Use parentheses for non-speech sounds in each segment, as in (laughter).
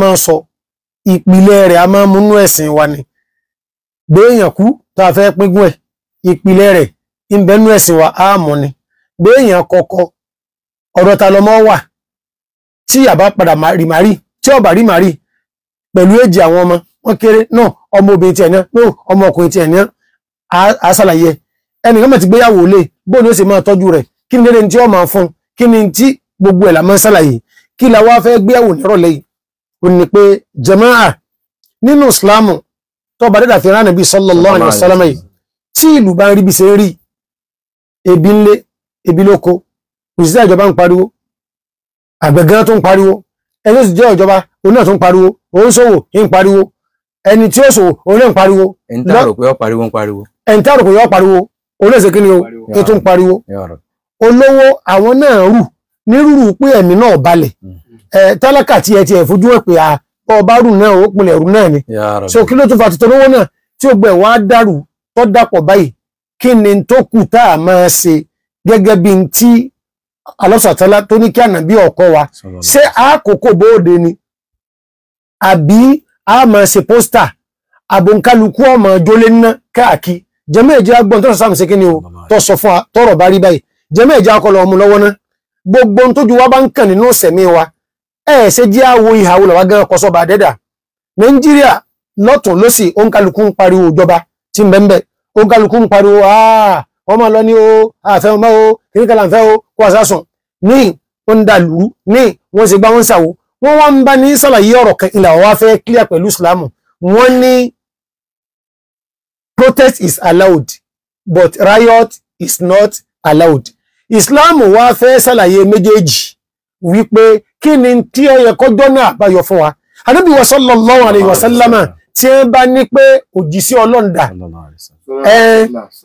máa sọ ìpìlẹ̀ rẹ̀ a máa múnú ẹ̀sìn wa ni béèyàn kú tá a fẹ́ pínkún ẹ̀ ìpìlẹ̀ rẹ̀ ìbẹ́nú ẹ̀sìn wa á mọ̀ ni béèyàn kọ́kọ́ ọ̀dọ̀ ta lọmọ wà tí yàbá padà rìmárì tí ọ̀bà rìmárì pẹ̀lú èjì àwọn ọmọ wọn kéré náà ọmọ obìnrin tiẹ̀ náà náà ọmọ ọkùnrin tiẹ̀ náà á ṣàlàyé ẹnìkan mọ̀ ti gbéyàwó lé bóun ni sì máa tọ́jú rẹ̀ kí ni dédé tí ó máa fún kí ni tí gbogbo ẹ̀ là máa ń ṣàlàyé kí la wá fẹ́ gbéyàwó nírọ̀lẹ́ ó ní pé jama'a nínú islamu tó bá dẹ́dà fi ránà bí sallallahu alaihi wasallam yìí tí ìlú bá ń rí bí ṣe rí ebi ńlé ebi lóko òṣìṣẹ́ ìjọba ń pariwo àgbẹ̀gán tó ń pariwo ẹni tó jẹ́ ìjọba òun náà tó ń pariwo òun ṣòwò ń pariwo ẹni tí ó ṣòwò òun ń pariwo ẹni tá pé ó pariwo ń pariwo kí ni o tó tún pariwo olówó àwọn náà rù nírúurú pé ẹ̀mí náà balẹ̀ hmm tálákà tí ẹ ti ẹ̀ fojú ẹ̀ pé a ọba rù náà ó pinlẹ̀ rù náà ni so kí ló tó fàtí tọ́lówó náà tí ó gbẹ̀ wá dàrú tó dàpọ̀ báyìí kí ni tó kù tá a máa ṣe gẹ́gẹ́ bí n tí alọ́sàtálá tó ní kí ànàbí ọkọ wa ṣé àkókò bóde ni àbí a máa ṣe pósítà àbòǹkálukú ọmọ jólé ná káàkì jẹmọ ẹjẹ agbọn tó sọ sáàmù sékè ni o tó sọ fún wa tọrọ bá rí báyìí jẹmọ ẹjẹ akọlọ ọmọ lọ́wọ́ ná gbogbo ohun wa bá ń kàn nínú ọsẹ mi wa ẹ̀ ṣe jẹ́ àwo ìhàwó làwọn gan kọsọ́ba àdẹ́dà nàìjíríà lọ́tún lọ́sì òǹkàlùkù ń pariwo ìjọba tí ń bẹ́ńbẹ́ òǹkàlùkù ń pariwo wọ́n máa lọ ní o àfẹ́ wọn bá o kìnnìkan là ń fẹ́ o kó àṣà sùn ní ó ń dàlú ní wọ́n ṣe gbá wọ́n ń wọ́n wá ń bá ní sàlàyé ọ̀rọ̀ kan wọ́n wá fẹ́ clear pẹ̀lú ìsìlámù wọ́n ní protest is allowed but riot is not allowed Islam wá fẹ́ sàlàyé méjèèjì wípé kí ni tí ó yẹ kọjọ́ náà báyọ̀ fún wa Ànábì wa sallallahu alayhi wa sallama tí ẹ bá ní pé òjìṣẹ́ ọlọ́ndà ẹ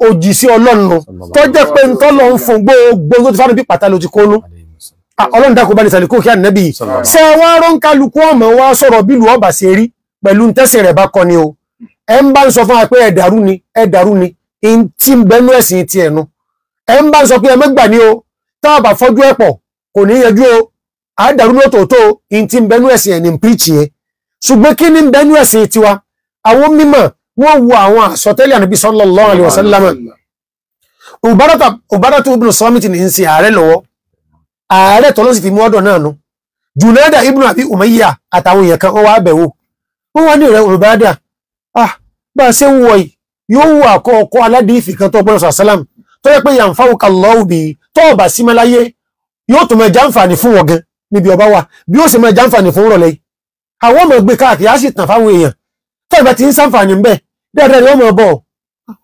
òjìṣẹ́ ọlọ́nu tó jẹ́ pé ń tọ́lọ ń fún gbogbo tó ti fánú bí pàtàlò ti kónú ọlọ́ndà kò bá ní sàlìkò kí Ànábì ṣe wá rán kálukú ọmọ wa sọ̀rọ̀ bílù ọba ṣe rí pẹ̀lú tẹ́sẹ̀ rẹ̀ bá kọ ni o ẹ ń bá ń sọ fún wa pé ẹ dàrú ni ẹ dàrú ni in ń bẹnu ẹ̀sìn ti ẹ̀nu ẹ ń bá ń sọ pé ẹ mẹ́gbà ni o tá a bá fọ́jú ẹ̀pọ̀ kò ní yẹjú o A lótòótó in ti ń bẹnú ẹ̀sìn ẹ̀ní píríìchì yẹn ṣùgbọ́n kí ni ń bẹnú ẹ̀sìn tiwa àwọn mímọ̀ wọ́n wo àwọn àsọtẹ́lẹ̀ ànábì sallallahu alaihi wasallam Ubaratu ibn Samit ní sin ààrẹ lọ́wọ́ ààrẹ tọ́lọ́ sì fi mú ọ̀dọ̀ náà nu Junada ibn Abi Umayya àtàwọn èèyàn kan wọ́n wá bẹ̀wò wọ́n wá ní ìrẹ́ Ubarada ah bá a ṣe ń wọ̀ yìí yóò wọ àkọ́ ọkọ́ aládìí ìfì kan tó gbọ́dọ̀ sàlám tó yẹ pé yàǹfà òkà lọ́wọ́ bíi tọ́ọ̀bà símẹ́láyé yóò tún mẹ́jà ń fà ní fún wọn gan níbi ọba wà bí ó sì máa jàǹfààní fún rọ̀lẹ́ àwọn ọmọ gbé káàkiri á sì tàn fáwọn èèyàn tẹ́lẹ̀ bá ti ń sàǹfààní ńbẹ̀ dáadáa ni wọ́n máa bọ̀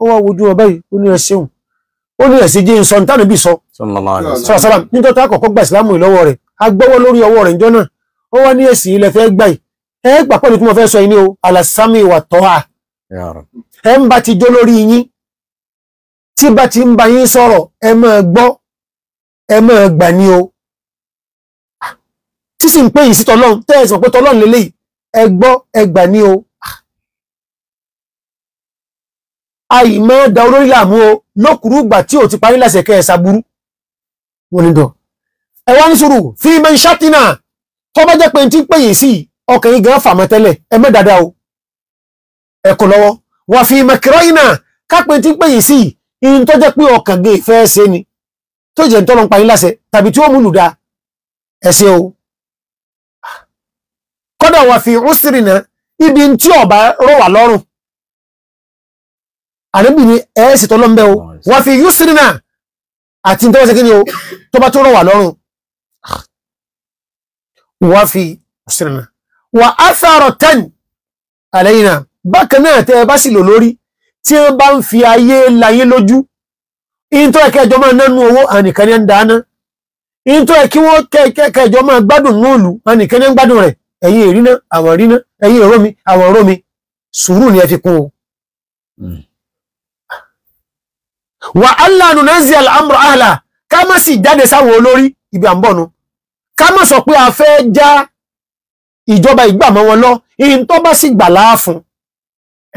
ó wá wojú ọba yìí ó ní ẹ ṣeun ó ní ẹ̀sìn jẹ́ sọ nítànà bí sọ sọ̀rọ̀sọ̀rọ̀ nítorí àkọ́kọ́ gba ìsìlámù ìlọ́wọ́ rẹ̀ a gbọ́wọ́ lórí ọwọ́ rẹ̀ níjọ́ náà ó wá ní èsì ilẹ̀ fẹ́ gbà yìí ẹ gbà pẹ̀lú tí mo fẹ́ sọ yìí ní o alasami wà tọ́ a ẹ ń bá ti jó lórí yín tí bá ti ń bá yín sọ̀rọ̀ ẹ máa gbọ́ ẹ máa gbà ní o tí sì ń pè yìí sí tọlọ́run tẹ́ẹ̀sán pé tọlọ́run lélẹ́yìí ẹ gbọ́ ẹ gbà ní o àìmọ́ da olórí làmú o lókùrú ìgbà tí ò ti parí lẹ́sẹ̀ kẹ́ ẹ̀ ṣàbúrú wọn ni dàn ẹ wá ní sùúrù fi mẹ́ ṣátínà tó bá jẹ́ pé tí ń pè yìí sí ọkàn yìí gan fàmọ́ tẹ́lẹ̀ ẹ mẹ́ dáadáa o ẹ kò lọ́wọ́ wà fi mẹ́ kìrọ́yìnà kápẹ́ tí ń pè yìí sí ihun tó jẹ́ pé ọkàn gé ìfẹ́ ṣe ni tó jẹ́ ń tọ́lọ́ ń parí lẹ́sẹ̀ tàbí tí ó múlù da ẹ̀sìn o kọ́dọ̀ wà fi rúsìrì náà ibi tí ọba rọ̀ wà lọ́rùn àrẹ́bì ni ẹ̀ẹ́sì tó lọ́mbẹ́ o wà fi rúsìrì náà àti tó wọ́sẹ̀ kíni o tó bá tó rọ̀ wà lọ́rùn wà fi rúsìrì náà wà á fẹ́rọ̀ tẹ́n àlẹ́yìn náà bákan náà tẹ́ ẹ bá sì lò lórí tí wọ́n bá ń fi ayé láyé lójú in tó máa nánú owó ànìkan ń dáná in tó máa gbádùn núùlù ẹ̀yin ìrìnà àwọn ìrìnà ẹ̀yin ìrọ́ mi àwọn ìrọ́ mi sùúrù ni ẹ fi kún o. wà á lànà náà zi àlàmùrù àhàlà ká má sì jáde sáwọn olórí ibi à ń bọ̀ nu ká má sọ pé a fẹ́ já ìjọba ìgbàmọ́ wọn lọ ìyìn tó bá sì gbà láàfún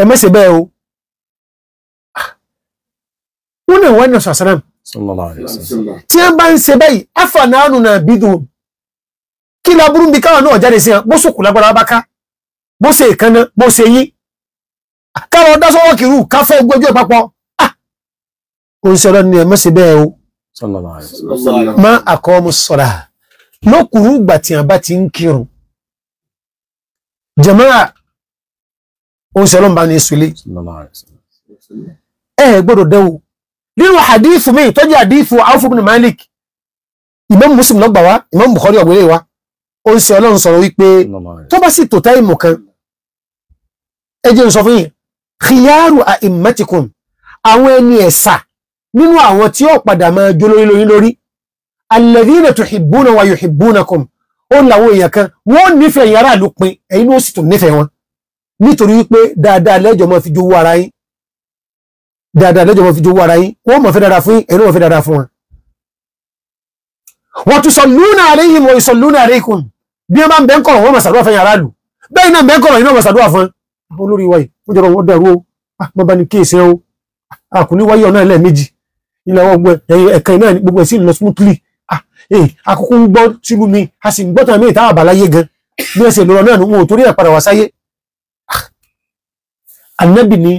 ẹ má bẹ́ẹ̀ o. wọ́n náà wọ́n náà sàṣẹ́ràn tí wọ́n bá ń ṣe báyìí afa náà náà bí dùn kí la burú bí káwọn náà jáde sí hàn bó sòkò lágbára bá ká bó ṣe ìkànnà bó ṣe yín káwọn dá sọwọ́ kìrú ká fọ́ ogun ojú ìpapọ̀ ah! ó ń sọ̀rọ̀ ní ẹ̀mọ́ sí bẹ́ẹ̀ o má àkọ́mú sọ̀rà lókùrú ìgbà tí àbá ti ń kírun jàmáà ó ń ń bá ní ìsúlé ẹ gbọ́dọ̀ dẹ́wò nínú hadithu mi tọ́jú hadithu Awfu bin Malik Imam Muslim ló gbà wá Imam Bukhari ọ̀gbẹ́lẹ̀ wa ó ń ṣe ọlọ́run sọ̀rọ̀ wípé tó bá sì tòtá ìmọ̀ kan ẹ jẹ́ n sọ fún yín khiyaru a'immatikum àwọn ẹni ẹ̀sà nínú àwọn tí ó padà máa jó lórí lórí lórí alladhina tuhibbuna wa yuhibbunakum ó làwọn èèyàn kan wọ́n nífẹ̀ẹ́ yàrá àlùpin ẹ̀yin ó sì tún nífẹ̀ẹ́ wọn nítorí wípé dáadáa lẹ́jọ́ máa fi jowó ara yín dáadáa lẹ́jọ́ máa fi jowó ara yín wọ́n máa fẹ́ dáadáa fún yín ẹ̀yin ó máa fẹ́ dáadáa fún wọn. wa tusalluna alayhim wa yusalluna alaykum bí wọ́n bá ń bẹ́ ń kọ̀rọ̀ wọ́n máa ṣàdúrà fún yàrá lù bẹ́ẹ̀ náà bẹ́ ń kọ̀rọ̀ yìí náà máa ṣàdúrà fún àwọn olórí wa yìí wọ́n jọrọ wọ́n dàrú o ah, wọ́n bá ní kéèsì o àkùnrin ah, wáyé ọ̀nà ẹlẹ́ẹ̀mejì ilẹ̀ wọn ẹ̀kan náà gbogbo ẹ̀ sí lọ smoothly ah, eh, àkókò ń gbọ́ tìlú mi a sì ń gbọ́ tàn mí ìta àbáláyé gan bí ẹsẹ̀ lọ́rọ̀ náà wọn ò torí ẹ̀ padà wá sáyé ànábì ni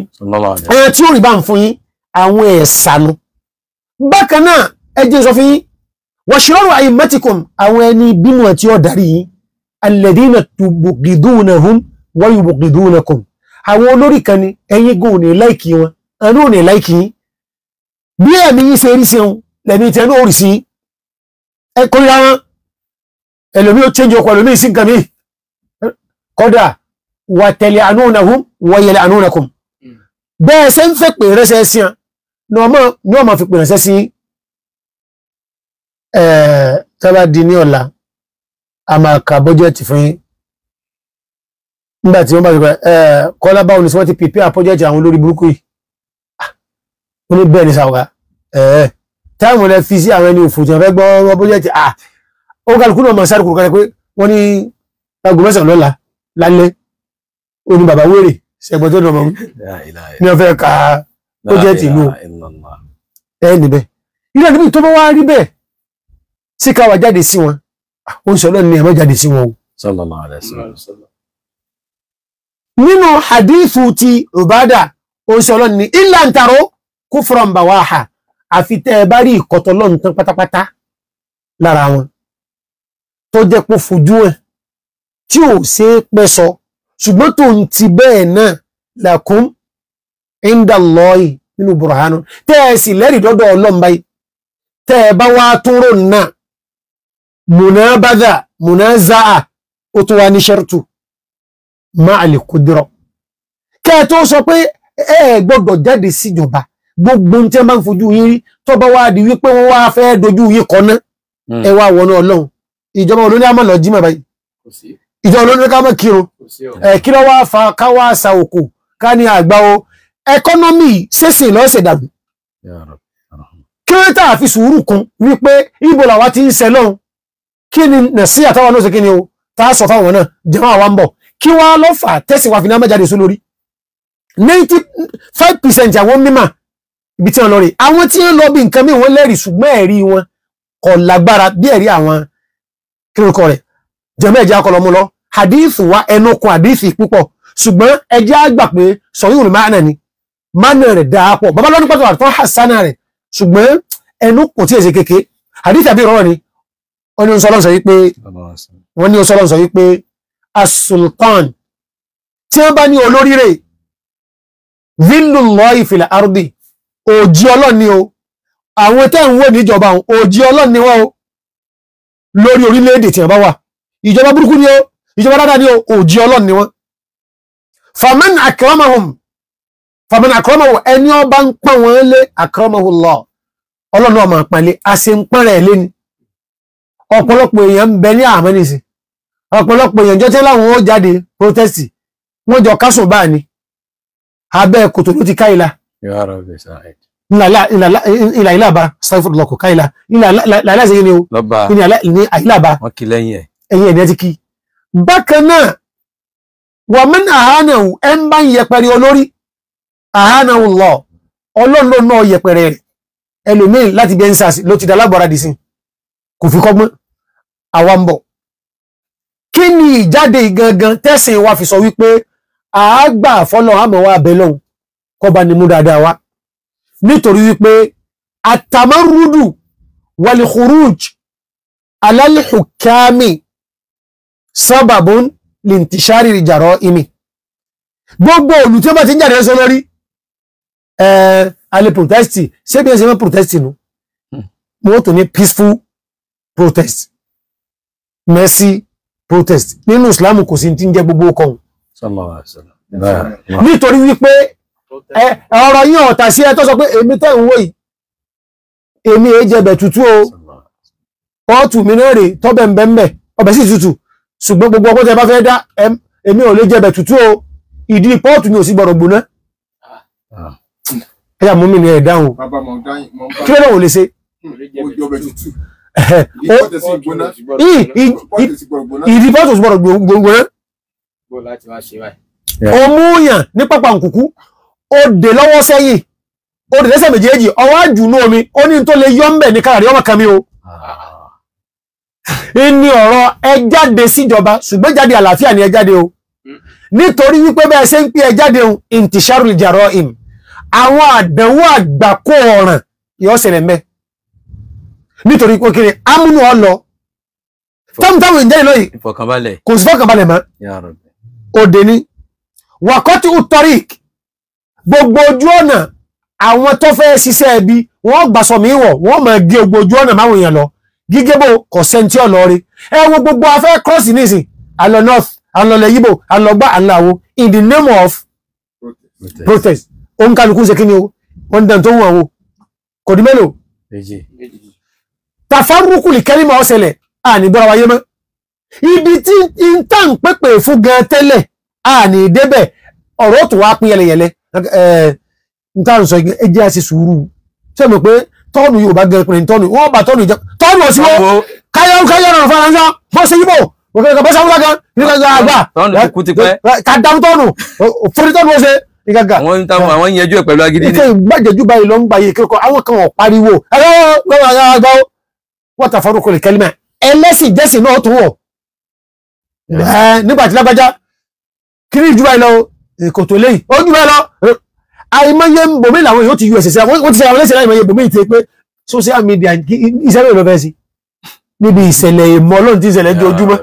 ẹ̀yẹ tí ó rí bá ń fún yín àwọn ẹ̀sànú bákan náà ẹjẹ́ sọ fún yín wọ́n àyè mẹ́tìkùn àwọn ẹni bínú ẹ̀ tí ó darí yín الذين tubùgìdúnahùn wáyùbùgìdúnakùn àwọn olórí kan ni ẹ̀yin gò ní láìkì wọn ẹnu ò ní láìkì yín bí ẹ̀mí yín ṣe rí seun lẹ́mí tẹ́ ní òrìṣì ẹ kórìíra wọn ẹlòmí ó change ọkọ ẹlòmí sí nǹkan mi kódà wà tẹ̀lé ànúnahùn wọ̀yẹ̀lẹ̀ ànúnakùn bẹ́ẹ̀ ṣe ń fẹ́ pè rẹ́sẹ̀ sí wọn ní ọmọ ní ọmọ fi pè rẹ́sẹ̀ sí tọ́ba di ní ọ̀la a máa ka bọ́jẹ́tì fún yín nígbà tí wọ́n bá sọ̀rọ̀ ẹ̀ kọ́lá báwo ni wọ́n ti pèpè àpọ́jẹ́tì àwọn olórí burúkú yìí ah, ó ní bẹ́ẹ̀ ni sàwọ́gá ẹ̀ẹ́ táwọn ẹ̀ fi sí àwọn ẹni òfò tí wọ́n fẹ́ gbọ́ ọ̀rọ̀ bọ́jẹ́tì à ó kálukú náà máa sáré kúrò kálẹ̀ pé wọ́n ní aago mẹ́sàn-án lọ́la lálẹ́ ó ní bàbá wèrè sẹ́gbọ́n tó dọ̀mọ́ ní ó ń sọ lọ́nà ní ẹ̀mọ́ jáde sí wọn. sallallahu alaihi wasallam. nínú hadithu ti Ubada ó ń sọ lọ́nà ní ilà ń taró kufran bawaha àfi tẹ́ ẹ bá rí ìkọ́tọ̀ lọ́nà tán pátápátá lára wọn tó jẹ́ pé fojú ẹ̀ tí ò ṣe pẹ́ sọ ṣùgbọ́n tó ń ti bẹ́ẹ̀ náà lakum inda Allahi nínú burhanu tẹ́ ẹ sì lẹ́rìí dọ́dọ̀ Ọlọ́run tẹ́ ẹ bá wá tóró náà munabadha munazaa ó tún wá ní ṣẹ́rùtù máa lè kúdúrọ̀ kẹ́ tó sọ pé ẹ gbọ́dọ̀ jáde síjọba gbogbo tí wọ́n bá ń fojú yín rí tó bá wá di wípé wọ́n wá fẹ́ dojú yín kọ́ná ẹ wá wọnú ọlọ́run ìjọba olóní àmọ́ lọ jímọ̀ báyìí ìjọba olóní ká mọ̀ kírun kí ló wá fa ká wá sa òkú ká ní àgbà o ẹkọ́nọ́mì ṣèṣì lọ́sẹ̀ dàbí kí ló tà fi sùúrù kún wípé ibo làwa ti ń ṣe lọ́hùn kí ni nàṣí àtàwọn náà ṣe kí ni o tá a sọ fáwọn náà jẹmọ àwa ń bọ kí wọn á lọ fà tẹsí wa fi náà mẹjáde sún lórí ninety five percent àwọn mímà ibi tí wọn lọ rè àwọn tí wọn lọ bí nǹkan míì wọn lẹ́rìí ṣùgbọ́n ẹ̀rí wọn kò lágbára bí ẹ̀rí àwọn kírókọ rẹ̀ jẹmọ ẹ̀jẹ̀ akọlọmú lọ hadith wa ẹnu kan hadith púpọ̀ ṣùgbọ́n ẹ̀jẹ̀ àgbà pé sọyún òní máa nà ni máa nà rẹ̀ dáa pọ̀ babalọ́dún pàtó àtọ́ hasana rẹ̀ ṣùgbọ́n ẹnu kò tí ì ṣe kéke hadith àbí ìrọ̀rọ̀ ni wọ́n ní sọ́lọ́n sọ wípé wọ́n ní sọ́lọ́n sọ wípé asultan tí wọ́n bá ní olórí rẹ̀ villullahi fil ardi òjì ọlọ́run ni o àwọn tẹ́ ń wò níjọba òjì ọlọ́run ni wọ́n o lórí orílẹ̀-èdè tí wọ́n bá wà ìjọba burúkú ni o ìjọba dáadáa ni o òjì ọlọ́run ni wọ́n faman akramahum faman akramahu ẹni ọba ń pọ́n wọn lé akramahu Allah ọlọ́run náà máa pọ́n àṣẹ ń pọ́n rẹ̀ lé ọ̀pọ̀lọpọ̀ èèyàn ń bẹ ní àmọ́ nísìn ọ̀pọ̀lọpọ̀ èèyàn jọ́ tí láwọn ó jáde protest wọ́n jọ kásùn báà ni abẹ́ kòtò ló ti káìlà ìlà ìlàbà sáfùdùlọ kò káìlà ìlà ìṣẹ́yìn ni ó ní àìlàbà ẹ̀yìn ẹ̀dẹ́ ti kí bákan náà wà mẹ́n àhánàwò ẹ̀ ń bá ń yẹpẹrẹ olórí àhánàwò lọ ọlọ́run náà yẹpẹrẹ rẹ̀ ẹlòmíín láti bí ẹ̀ ń sàsì ló ti dá lágbára dì sí kò fi kọ́gbọ́n àwa ń bọ̀. kí ni ìjáde gangan tẹ́sìn wa fi sọ wípé àágbà fọ́lọ́ àmọ́ wa bẹ̀ lọ́hùn kọ́ba ni mú dáadáa wa nítorí wípé àtàmárúdù wàlìkúrúj alálìkùkámi sábàbùn lìntìṣárì ìjàrọ imi gbogbo òlù tí ó bá ti ń jáde sọ lórí ẹ protesti ṣé bí ẹ ṣe mọ protesti nu mo hmm. tó ní peaceful protest mercy protest nínú islam kò sí tí ń jẹ gbogbo kan nítorí wípé ọ̀rọ̀ yín ọ̀tà sí ẹ tó sọ pé èmi tẹ́ ń wò yìí èmi èé jẹbẹ̀ o pọ́ọ̀tù mi náà rè tọ́bẹ̀ ńbẹ́ńbẹ́ ọbẹ̀ sì tútù ṣùgbọ́n gbogbo ọgbọ́n tẹ bá fẹ́ dá èmi ò lè jẹbẹ̀ tútù o ìdí pọ́ọ̀tù mi ò sì gbọ́dọ̀ gbóná ah. ẹ̀yà mú mi ní ẹ̀ dáhùn kí ló dẹ̀ wò lè ṣe Eh, oh, ìdíbọ́tò gbọ́dọ̀ gbòǹgbòǹgbò ó mú yàn ní pápá nkùkú ó dè lọ́wọ́ sẹ́yìn ó dè lẹ́sẹ̀ méjèèjì ọwọ́ àjùnú omi ó ní tó lè yọ́ mbẹ̀ ní káàrí ọmọ kan mi o ah. ní ọ̀rọ̀ ẹ jáde síjọba ṣùgbọ́n jáde àlàáfíà ni ẹ jáde o hmm. nítorí wípé bẹ́ẹ̀ ṣe ń pín ẹ jáde o intisharul jaroim àwọn àdánwò àgbákò ọ̀ràn yóò ṣẹlẹ̀ mẹ́ẹ̀ nítorí pé kiri amúnú ọ lọ táwọn táwọn ìjẹ́rìí lọ́yìn kò sí fọkànbalẹ̀ mọ́ òde ni wàkọ́tí utorik gbogbo ojú ọ̀nà àwọn tó fẹ́ ṣiṣẹ́ ẹbí wọ́n gbàsọ̀mí wọ̀ wọ́n máa gé gbogbo ojú ọ̀nà máwọn èèyàn lọ gígébò kò sẹ́ntì ọ̀lọ́ọ̀rẹ́ ẹ wo gbogbo afẹ́ cross nísìn alọ north alọlẹ yibo alọgbà aláwo in the name of protest òǹkàlùkù ṣe kí ni o wọ́n dàn tó wù àwọn kò dí mélòó. Tafaruku lè kẹ́rí máa ṣẹlẹ̀ àníbọ́ra wáyé mọ́ ibi tí n tà ń pẹ́pẹ́ fún gan tẹ́lẹ̀ àní débẹ̀ ọ̀rọ̀ tó wá pín yẹlẹyẹlẹ eh, n tà ń sọ ẹjẹ́ àti sùúrù ṣé mo pé tọ́ọ̀nù yóò bá gẹ̀rẹ́ pẹ̀lú tọ́ọ̀nù wọ́n bá tọ́ọ̀nù ìjọ tọ́ọ̀nù ọ̀sìn wọn káyọ̀ káyọ̀ ọ̀rọ̀ faransa bọ́ sí yíbò òkèèrè kan bọ́ sáwúrọ̀ kan ní kankan àgbà ká dá tọ́ọ̀nù fúri tọ́ọ̀nù ó ṣe ní kankan. àwọn táwọn àwọn yẹjú ẹ pẹ̀lú agídí ni. ìfẹ́ ìgbàjẹ́jú báyìí ló ń gbàyè kíkọ́ àwọn kan ò pariwo ẹ̀rọ lọ́wọ́ àgbà ó wọ́n ta farúkọ lè kẹ́límà ẹlẹ́sìn jẹ́sìn náà tó wọ̀ nígbà tí lágbájá kiri jù báyìí lọ kò tó léyìí ó jù báyìí lọ àìmọye bòmí làwọn yóò ti yú ẹsẹ̀ sí àwọn ti ṣe àwọn ẹlẹ́sìn láìmọye bòmí ti pé social media iṣẹ́ lóò lọ fẹ́ sí níbi ìṣẹ̀lẹ̀ ìmọ̀ ọlọ́run ti ìṣẹ̀lẹ̀ di ojúmọ́.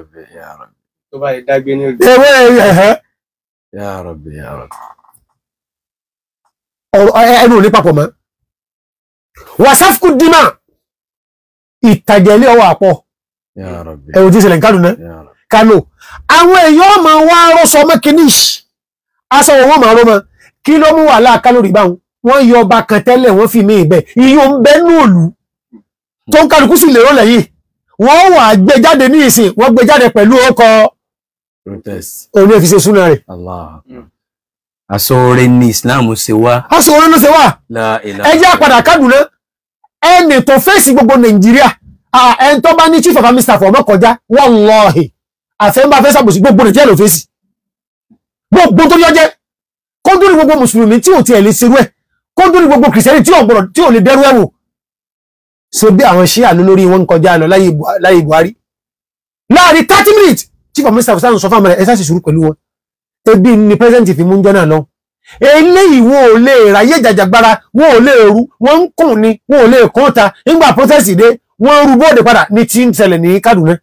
ẹnu ò ní papọ̀ mọ́ wàsáfù dìmọ̀ ìtàjẹ̀lé ọwọ́ àpọ̀ ẹ̀rù tí ìṣẹ̀lẹ̀ kánúná kánò àwọn èèyàn máa wá rọ́sọ mẹ́kíníṣ aṣọ wọn máa rọ́mọ kí ló mú wàhálà kálórì báwọn wọ́n yọ ọba kan tẹ́lẹ̀ wọ́n fi mí ìbẹ̀ iyọ̀ ń bẹ́ ní òlù tó ń kálukú sì lérò lẹ́yìn wọ́n wà gbé jáde ní ìsìn wọ́n gbé jáde pẹ̀lú ọkọ̀ oní ẹ̀fíṣe súnà rẹ̀. Hmm. aṣọ orin ni Islam ṣe wá. aṣọ orin ló ṣe wá. ẹjẹ́ àpàdà kádùn náà ẹnì tó fèsì gbogbo nàìjíríà ẹn tó bá ní chief of army staff ọmọ kọjá wallahi àfẹ́ńbà fẹ́ sàbòsí gbogbo nàìjíríà ló fèsì gbogbo tó yọjẹ́ kó dúró gbogbo mùsùlùmí tí ò tiẹ̀ lè ṣerú ẹ̀ kó dúró gbogbo kìrìsìtẹ́nì tí ò gbọ́dọ̀ tí ò lè dẹ́rú ẹ̀wò ṣe bí àwọn ṣíà lórí wọn kọjá lọ láyé buhari láàrin thirty minutes chief of army staff sáà ń sọ fáwọn ẹ̀ṣá sì sùúrù pẹ̀lú wọn ebi ni president fi mú jọ náà lọ eléyìí wọn ò lè ráyè jàjàgbara wọn ò lè rú wọn ń kùn ni wọn ò lè kàn ta nígbà protest dé wọn ń ru bóde padà ní tí ń ṣẹlẹ̀ ní Kaduna.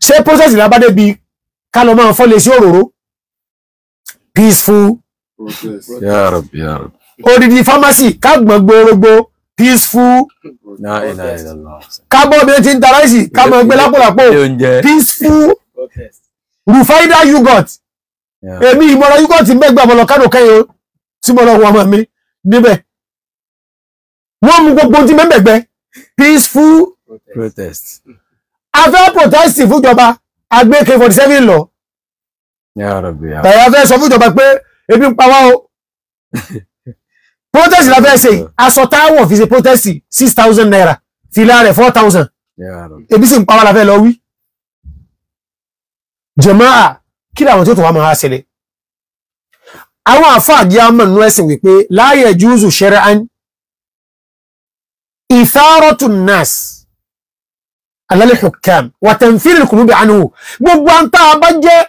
ṣé protest lábádé bíi ká lọ máa fọ́lé sí òróró peaceful odidi pharmacy ká gbọ̀n gbòòrògbò peaceful kábọ̀ bí ti ń ta ráìsì ká mọ̀ gbé lápòlápò peaceful rufaida yogurt èmi ìmọ̀ràn yíkọ́ ti mẹ́gbà mọ̀lọ̀ kánò kẹ́yìn tí mo lọ wọ ọmọ mi níbẹ̀ wọ́n mú gbogbo tí mẹ́mẹ̀gbẹ́ peaceful protest a fẹ́ protest fúnjọba agbé k47 lọ ẹ̀yà fẹ́ sọ fúnjọba pé ebi ń pa wá o (laughs) protest la fẹ́ ṣe aṣọ táwọ̀ fi ṣe protest six thousand naira fìlà rẹ̀ four thousand ebi sì ń pa wá la fẹ́ lọ wí jẹ̀mọ́ à kí làwọn tí ó tún wá máa ṣẹlẹ̀ àwọn àfáàjì amọ̀nù ẹ̀sìn wípé láàyè júùsù ṣẹrẹ́án ìfárọ́tù nas alálẹ́ hukam wàtẹ̀nfìrì kùnúbì ànú gbogbo à ń tá a bá jẹ́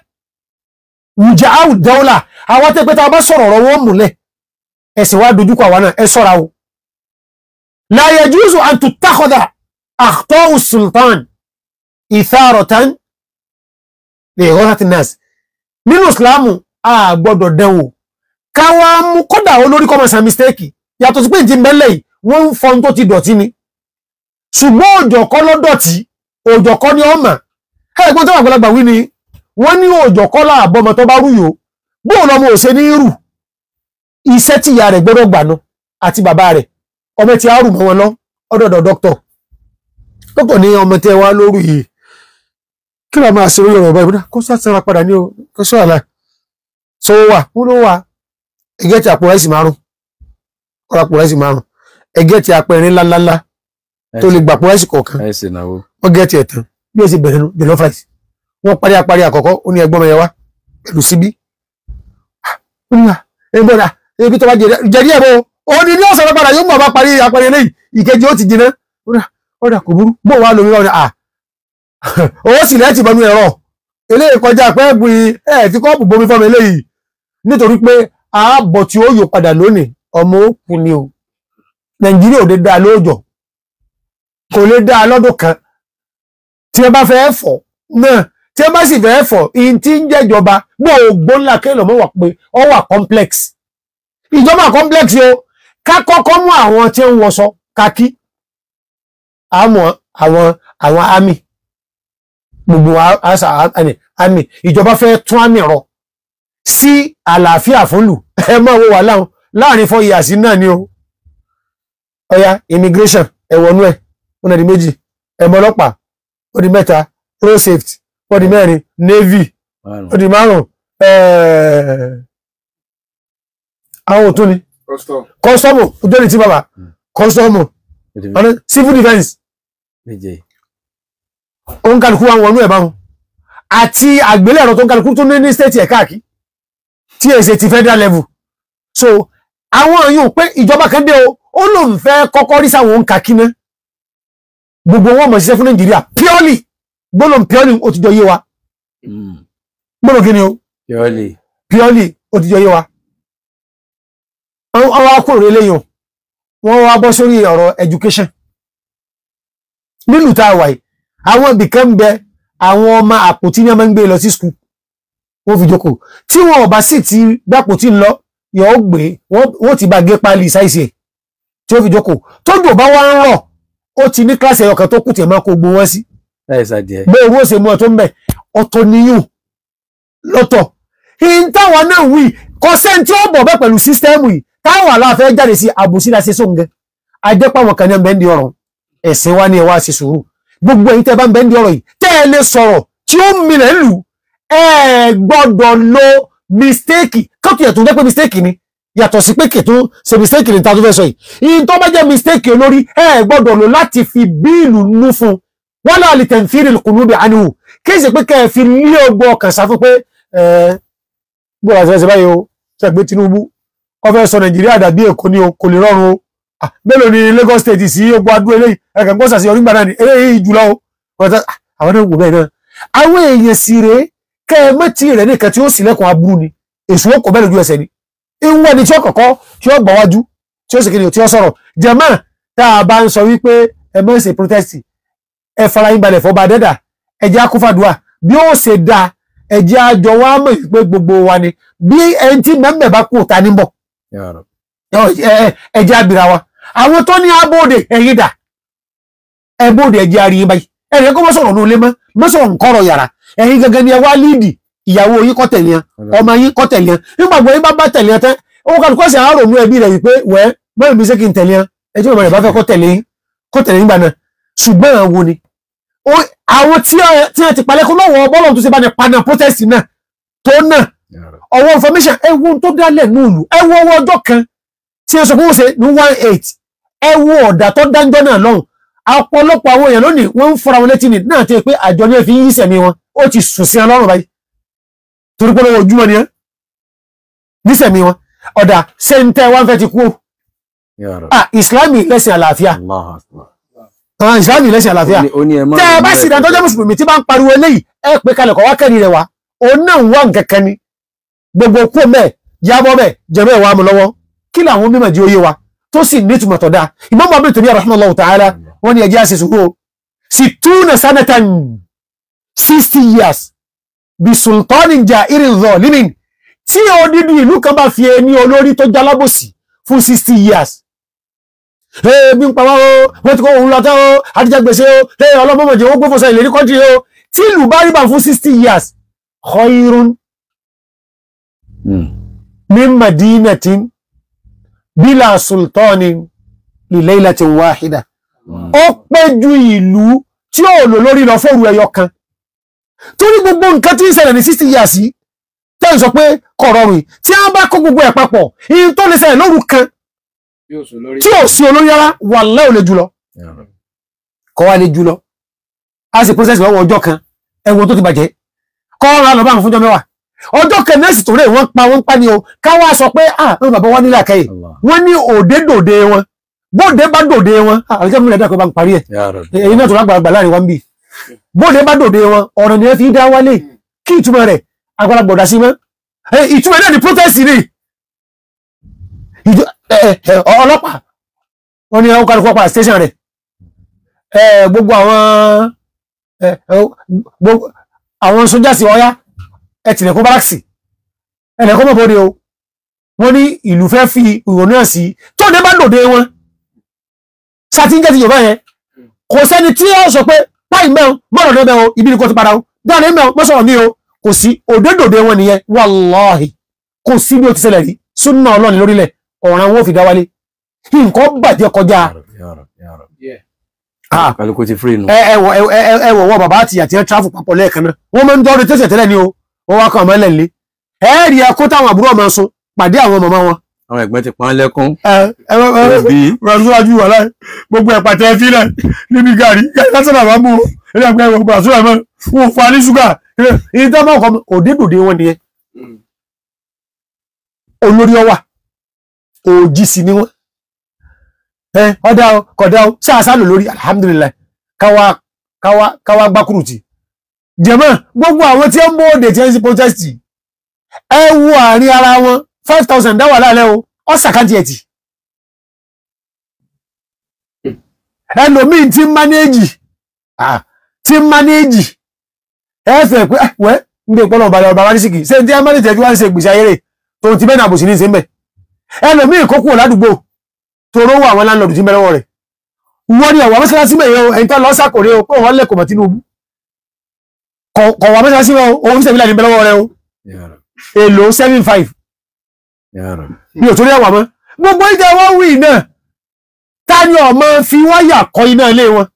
wùjà áwù dáwọ́là àwọn tẹ́ pé tá a bá sọ̀rọ̀ ọ̀rọ̀ wọn múlẹ̀ ẹ̀sìn wá dojúkọ àwọn náà ẹ sọ́ra o láàyè júùsù àtúntàkọ́dà àtọ́ sultan ìfárọ̀tán lè rọ́tà nínú ìsìláàmù a gbọ́dọ̀ dẹ̀wò káwa mú kódà olórí kọ́mọ̀ sa mistake yàtọ̀ sí pé ìdí mẹ́lẹ̀ wọ́n ń fọ́n tó ti dọ̀tí ni ṣùgbọ́n òjọ̀kọ́ lọ́dọ̀tí òjọ̀kọ́ ni ọmọ ẹgbọ́n tó wí ni wọ́n ní òjọ̀kọ́ láàbọ̀mọ̀ tó bá rúyò bóò lọmọ òṣè ní rù iṣẹ́ tí ìyá rẹ̀ gbọ́dọ̀ ti a rù kí la máa ṣe lórí ọ̀rọ̀ báyìí kó sàtìsára padà ní o kó sọ àlà sọwọ́ wà ó ló wà ẹgẹ́ ti àpò ráìsì márùn ọ̀rọ̀ àpò ráìsì márùn ẹgẹ́ ti àpẹẹrẹ ńláńláńlá tó lè gbà àpò ráìsì kọ̀ọ̀kan wọ́n gẹ́ ti ẹ̀ bí ẹ bẹ̀rẹ̀ nu jollof rice wọ́n parí apari àkọ́kọ́ ó ní ẹgbọ́n mẹ́yẹwá pẹ̀lú síbí ah, ẹgbọ́n ebi tó bá jẹ̀rí ẹ̀bọ́ ó ní ní ọ̀sán padà yóò mọ̀ bá apari eléyìí ìkejì ó ti jiná ó dà kò burú bó wà lómi wà ó dà ah (laughs) owó sì lẹ́ẹ̀tì bọnú ẹ̀rọ eléyìí kọjá pé ẹ̀gbìn ẹ̀ ti kọ́ọ̀pù bomi fọ́mi eléyìí nítorí pé ààbọ̀ tí ó yò padà lónìí ọmọ òkú ni o nàìjíríà ò lè dáa lóòjọ́ kò lè dáa lọ́dún kan tí ẹ bá fẹ́ fọ̀ náà tí ẹ bá sì fẹ́ fọ̀ ihun tí ń jẹ́jọba gbòògbó ńlá kéèyàn mọ̀ wà pé ọ wà complex ìjọba complex o ká kọ́kọ́ mú àwọn tí ń wọṣọ kakí àmọ́ àwọn àwọn àmì gbogbo àṣà ami ìjọba fẹ́ tún àmì rọ sí àlàáfíà fúnlù ẹ mọ̀ wo wà láwọn láàrin fọ́ ìyàsí náà ni o ọya immigration ẹ̀wọ̀nú ẹ̀ ó náà di méjì ẹ̀mọ́ ọlọ́pàá ó di mẹ́ta pro safety ó di mẹ́rin navy ó di márùn àwọn òtún ni kọ́sọ́mù ojú ẹni tí bàbá kọ́sọ́mù hmm. civil defence ó ń kálukú wa ń wọnú ẹ̀ báwọn àti àgbélẹ̀rọ tó ń kálukú tó ní ní state ẹ̀ káàkiri tí èsè ti federal level so àwọn yòó pé ìjọba kan dé o ó lóun fẹ́ kọ́kọ́ rí sáwọn òǹkà kíná gbogbo wọn mọ̀ ṣiṣẹ́ fún nàìjíríà purely gbọ́dọ̀ purely ó ti jọ yé wa hmm. gbọ́dọ̀ kí ni o purely ó ti jọ yé wa àwọn akóòrè eléyìí wọ́n wá bọ́ sórí ọ̀rọ̀ education nílùú tá a wà yìí àwọn ibìkan ń bẹ àwọn ọmọ àpótí ní ọmọ ń gbé lọ sí skul wọ́n fi jókòó tí wọn ọba sì ti gbàpótí lọ yọ gbé wọ́n ti bá gé pálí sáìsì ẹ̀ tí ó fi jókòó tójò bá wá ń rọ̀ ó ti ní kíláàsì ẹ̀yọ̀ kan tó kù tiẹ̀ máa kó gbowó sí. bó owó ṣe mú ọ tó ń bẹ̀ ọ̀tọ̀ níyùn lọ́tọ̀ ìyìn táwọn náà wí kọ́sẹ́ni tí ó bọ̀ bẹ́ẹ̀ pẹ̀lú sísítẹ́ẹ̀mù yìí táwọn aláàfẹ́ jáde sí àbòsí la ṣe sóńgẹ́ ajẹ́pàwọn kan ní ọ̀rọ̀ ẹ̀sìn wa ni ẹ wá ṣe sùúrù gbogbo ẹ̀yin tẹ́ bá ń bẹ ń di ọ̀rọ̀ yìí tẹ́ ẹ lè sọ̀rọ̀ tí ó mìíràn lù ẹ gbọ́dọ̀ lo mistake kọ́tù yẹn tó jẹ́ pé mistake ni yàtọ̀ sí pé kì tó ṣe mistake ni ta tó fẹ́ sọ yìí ìyìn tó bá jẹ́ mistake olórí ẹ gbọ́dọ̀ lò láti fi bíìlù nú fún wọn láà lè tẹ̀ ń fi rìn kùnú bí àníwò kí n sì pé kẹ́ ẹ fi ọkàn sáfù pé ẹ gbọ́dọ̀ àti ẹsẹ̀ báyìí o ṣàgbé Tinubu ó fẹ́ sọ Nàìjíríà dàbí Èkó ni o kò lè rọrùn o Ah, mélòó ni Lagos state sí ogun adú eléyìí ẹ̀kẹ́ ń gbọ́sà sí orí gbàdá ni eléyìí jùlọ o ah, àwọn náà wò bẹ́ẹ̀ náà àwọn èèyàn sì rèé kẹ́ ẹ mẹ́tì rẹ̀ nìkan tí ó sì lẹ́kùn aburú ni èṣù ó kò bẹ́ẹ̀ lójú ẹsẹ̀ ni ìwọ ni tí ó kọ̀kọ́ tí ó gbà wájú tí ó sì kìnìún tí ó sọ̀rọ̀ jẹ̀mọ́ tá a bá ń sọ wípé ẹ mọ́ ṣe protest ẹ fara yín balẹ̀ fọba dẹ́dà ẹ jẹ́ akúfàdùà bí ó ṣe dáa ẹ jẹ́ àjọ wa mọ̀ ẹjẹ́ abira wa àwọn tó ní abóde ẹ̀yìn dà ẹbóde ẹjẹ́ àríyé báyìí ẹ̀rẹ́ kó mọ́sọ̀rọ̀ ní olé mọ́ mọ́sọ̀rọ̀ nkọ́rọ̀ yàrá ẹ̀yìn gangan ni ẹ wá líìdì ìyàwó yín kọ́ tẹ̀lé yẹn ọmọ yín kọ́ tẹ̀lé yẹn nígbàgbọ́ yín bá bá tẹ̀lé yẹn tán owó kàlùkọ́ sì àárò mú ẹbí rẹ̀ wípé wẹ́ bẹ́ẹ̀ mi ṣe kí n tẹ̀lé yẹn ẹjọ́ ìmọ̀ rẹ̀ bá fẹ́ kọ́ tẹ̀lé yín kọ́ tẹ̀lé yín gbà náà ṣùgbọ́n àwọn ni àwọn tí ẹ ti palẹ́kọ́ lọ́wọ́ bọ́lọ̀ tó ṣe bá ní panel protest náà tó náà ọwọ́ information ẹ wo tó dálẹ̀ nùlù ẹ wo ọwọ́ kan tí ó sọ pé ó ṣe ní one eight ẹ wo ọ̀dà tó dáńjọ́ náà lọ́hùn ọ̀pọ̀lọpọ̀ àwọn èèyàn lónìí wọ́n ń fọ́ra wọn létí ni náà ti pé àjọ ní ẹ̀fín yìí sẹ̀mí wọn ó ti sùn sí ọlọ́run báyìí torí pé lọ́wọ́ ojúmọ́ ni ẹ́ nísẹ̀mí wọn ọ̀dà ṣé ń tẹ́ wọ́n fẹ́ ti kú ó ìsìlámì ah, lẹ́sìn àlàáfíà àwọn ìsìlámì ah, lẹ́sìn àlàáfíà tẹ́ ẹ bá sì dáńtọ́ jẹ́ mùsùlùmí tí bá ń pariwo eléyìí ẹ pé kalẹ̀ kọ́ wá kẹ́rin rẹ̀ wá òun náà ń wá nǹkan kan ni gbogbo kú mẹ́ẹ̀ yábọ́ mẹ́ẹ̀ jẹ́ mẹ́ẹ̀ wá lọ́wọ́ kí làwọn mímọ̀ di oyé wa tó sì ní ìtumọ̀ tọ̀dá Imam Ibn Taymiyyah rahimahullahu ta'ala wọ́n ní ẹjẹ́ àṣìṣe owó sì túnà sanatan sixty years bí sultanin ja'irin zalimin tí odidi ìlú kan bá fi ẹni olórí tó jalábòsì fún sixty years ebi ń pamọ́ o wọ́n ti kọ́ òun lọ́tọ́ o àtijọ́ gbèsè o ọlọ́mọ́mọ́jẹ́ ó gbófòsàn ìlérí kọ́ńtì o tí ìlú bá rí bá fún sixty years khairun hmm. min madinatin bílà sultani lilaylatin wahida ó pẹ́ ju ìlú tí ó lò lórí lọ fóòrù ẹyọ kan torí gbogbo nǹkan tí ń ṣẹlẹ̀ ní 60 years sí tẹ́ ń sọ pé kọ̀rọ̀rùn tí a bá kó gbogbo ẹ̀ papọ̀ ìyẹn tó lè ṣẹlẹ̀ lóru kan tí ò sí olórí rárá wallahi ò lè jùlọ kọ́ wá lè jùlọ a sì process lọ́wọ́ ọjọ́ kan ẹ̀wọ̀n tó ti bàjẹ́ kọ́ ọ̀rọ̀ àlọ́bàmù fúnjọ́ mẹ́wàá ọjọ́ kẹ̀mẹ́sì tó rẹ̀ wọ́n pa wọ́n pa ni o káwá sọ pé ah wọn bàbá wọn nílà kẹyìn wọn ní òde dòde wọn bóde bá dòde wọn ah, àlùjá mi lẹ́dàkọ̀ bá ń parí ẹ̀ èyí náà tó lágbàlagbà láàrin wa ń bì bóde bá dòde wọn ọ̀rọ̀ ni ẹ fi dá wálé kí ìtumọ̀ rẹ̀ agbálagbọ̀ dá sí mọ́ ìtumọ̀ náà ni protest ni ọlọ́pàá wọn ni ọkọ̀ àlùkò pa station rẹ̀ gbogbo àwọn àwọn sójà ẹ tilẹ̀kùn bárakì ẹnìkan mọ̀ bọ́dẹ o wọ́n ní ìlú fẹ́ fi ìrònú ẹ̀ sí tó dé bá dòde wọn sátínjẹ́ ti yorùbá yẹn kò sẹ́ni tí ó sọ pé páì mẹ́rin mọ́rọ̀ dẹ́bẹ̀ o ibi ni kò ti padà o dáadé mẹ́rin mọ́sọ̀rọ̀ mi o kò sí òdòdòdè wọn nìyẹn wàláhì kò sí bí ó ti ṣẹlẹ̀ rí súnà ọlọ́ni lórílẹ̀ ọ̀ràn wọn ò fi dá wálé nǹkan bàjẹ́ kọjá. ẹ wọ bàbá àti àti ẹ tráfù papọ̀ lẹ́ẹ̀kan náà wọ́n máa ń dọ́rọ̀ tẹ́sẹ̀ tẹ́lẹ̀ ni o wọ́n wá kàn mọ́lẹ̀ lé ẹ̀ẹ́rì ẹkún táwọn àbúrò máa sun pàdé àwọn màmá wọn. àwọn ẹgbẹ́ ti pọ́n lẹ́kún. ẹ ẹ ẹ ràṣúwájú wà láì gbogbo ẹ̀pà tẹ́ fi náà níbi gàrí lásán àbá mú ẹni àgbẹ̀ ẹ̀wọ̀n gbà sóra mọ́ wọn fa ní ṣúgà ìyẹn tó máa kọ́ òdèdòdè wọn nìyẹn. Hmm. olórí ọwà òjì sí ni wọn. ọ̀dà kọ̀dà sáà sálò lórí alihamudulilayi káwa káwa káwa jẹ̀mọ́ gbogbo àwọn tí ń bó tí ń sí protesti ẹ wo ara wọn five thousand dáwà lálẹ́ o ọ sàkántì ẹtì ẹlòmíì ti ń mánéèjì ti ń mánéèjì ẹ fẹ́ pé ah, wẹ́ ń gbé ìpọ́nlọ̀ ọ̀bàlẹ̀ ọ̀bà wánísìkì ṣé tí amánéjì ẹ̀fí wá ń ṣe ìgbésí ayé tó ti bẹ́ẹ̀ nàbòsí ní ṣe ń bẹ̀ kó kúrò ládùúgbò tó rówó àwọn láńlọ́ọ̀dù tí ń o kọ̀ wà mẹ́sàn-án sí wọn òun sẹ́mi láti bẹ̀rẹ̀ rẹ o èlò seven five mi ò tó rí ẹ̀wà mọ́ gbogbo ìjà wọn wí náà táni ọmọ fi wáyà kọ iná ilé wọn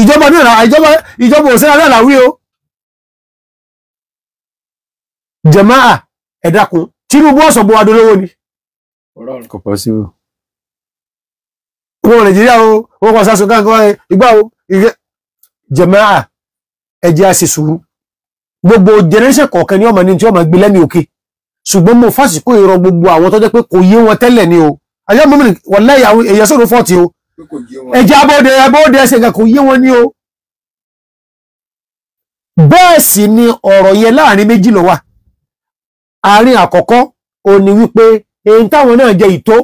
ìjọba náà ìjọba ìjọba òsínà náà làwí o jẹmáà ẹ̀dàkùn Tinubu ọ̀sán bó wa dolówó ni kò pọ̀ sí o wọn Nàìjíríà o wọn kọ sásùn káàkiri igbá o jẹmáà ẹjẹ́ a sì sùúrù gbogbo generation kọ̀ọ̀kan ni ọmọ ní tí ọmọ gbé lẹ́ni òkè ṣùgbọ́n mo fásitì ìrọ gbogbo àwọn tó jẹ́ pé kò yé wọn tẹ́lẹ̀ ni o ajá mọ́mìnì wọ́n láyé àwọn èèyàn sọ̀rọ̀ fọ́ọ̀tì o ẹjẹ́ abóde abóde ẹsẹ̀ nǹkan kò yé wọn ni o bẹ́ẹ̀ sì ni ọ̀rọ̀ yẹn láàrin méjì ló wà àárín àkọ́kọ́ òní wípé èyí táwọn náà jẹ ìtó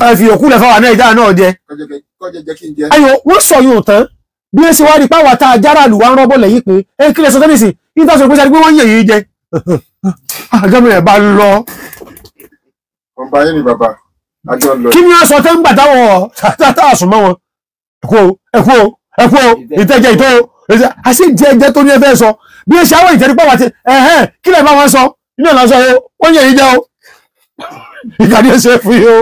ẹ fi òkú lẹ fáwọn náà ìdáhà náà jẹ ayò wọn sọ yóò tán bí ẹ ṣe wá rí páwà tá a jára lù wá ń rọbọ lẹ́yìn pé ẹ kílẹ sọ tẹnisi níta sọ pé sáré pé wọn yẹ yìí jẹ àjọmọ (laughs) ah, ẹ bá lọ. ọba yín ni bàbá àjọ lọ. kí ni wọn sọ tẹ ń gbà táwọn tá a sùn mọ́ wọn ẹkú o ẹkú o ẹkú o ìtẹjẹ ìtọ o àṣì jẹ ẹjẹ tó ní ẹ fẹ́ sọ bí ẹ ṣe àwọn ìtẹrí páwà ti ẹhẹn kílẹ bá wọn sọ inú ẹ̀ lásán o wọn yẹ yìí jẹ o ìkàdí ẹsẹ̀ fún yìí o.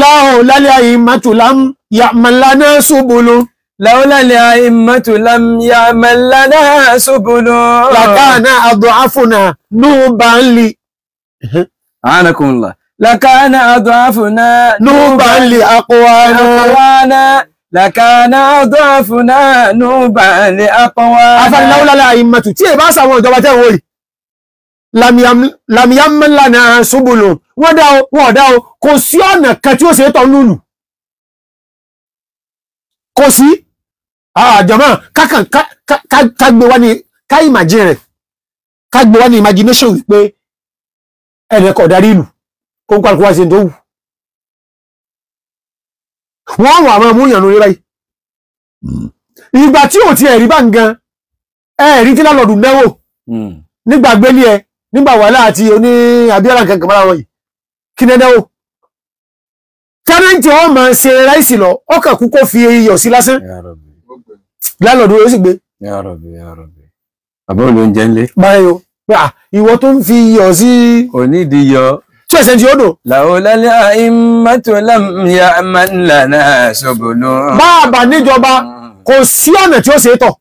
láwọn lálẹ́ àyè mátòlám yàmàlánà ṣòbolo. láwọn lálẹ́ àyè mátòlám yàmàlánà ṣòbolo. làkàna àdùáfùnà nùú bá ń li. àánàkùnlá. لكان أضعفنا نوبا لأقوانا لكان أضعفنا نوبا لأقوانا أفلولا الأئمة تي باسا وجبتين وي lamiyamlana ṣubùlù wọ́n dá o wọ́n dá o kò sí ọ̀nà kan tí ó ṣe tọ́ lùlù kò sí ah, àjọmọ́ kákan kágbé wá ní ká ìmàjì rẹ̀ kágbé wá ní imagination wípé ẹnìkan ọ̀darí ìlú kó ń pàdé kó wá sí tó wù wọ́n wà àwọn amúyànnú rírá yìí ìgbà tí ò ti ẹ̀rí bá ń gan ẹ̀rí tí lálọ́dún náwó hmm. nígbàgbélé ẹ̀ nígbà wàhálà àti oní abíọ́lá nǹkan kan mọ́ra wọ̀nyí kí nẹ́dẹ́ o tẹ́lẹ̀ǹtì wọn máa ń ṣe ráìsì lọ ọkàn kú kó fi iyọ̀ sí lásán lálọ́dún ó sì gbé. bàbá olóúnjẹ ń lé. báyìí o ìwọ tó ń fi iyọ̀ sí. onídìí yọ tí ẹ̀sẹ̀ tí ó dò. Làólálẹ́ àìmọ́tòlámìyà máa ń lànà ṣòbòlò. Báàbà níjọba kò sí ọ̀nà tí ó ṣe é tọ̀.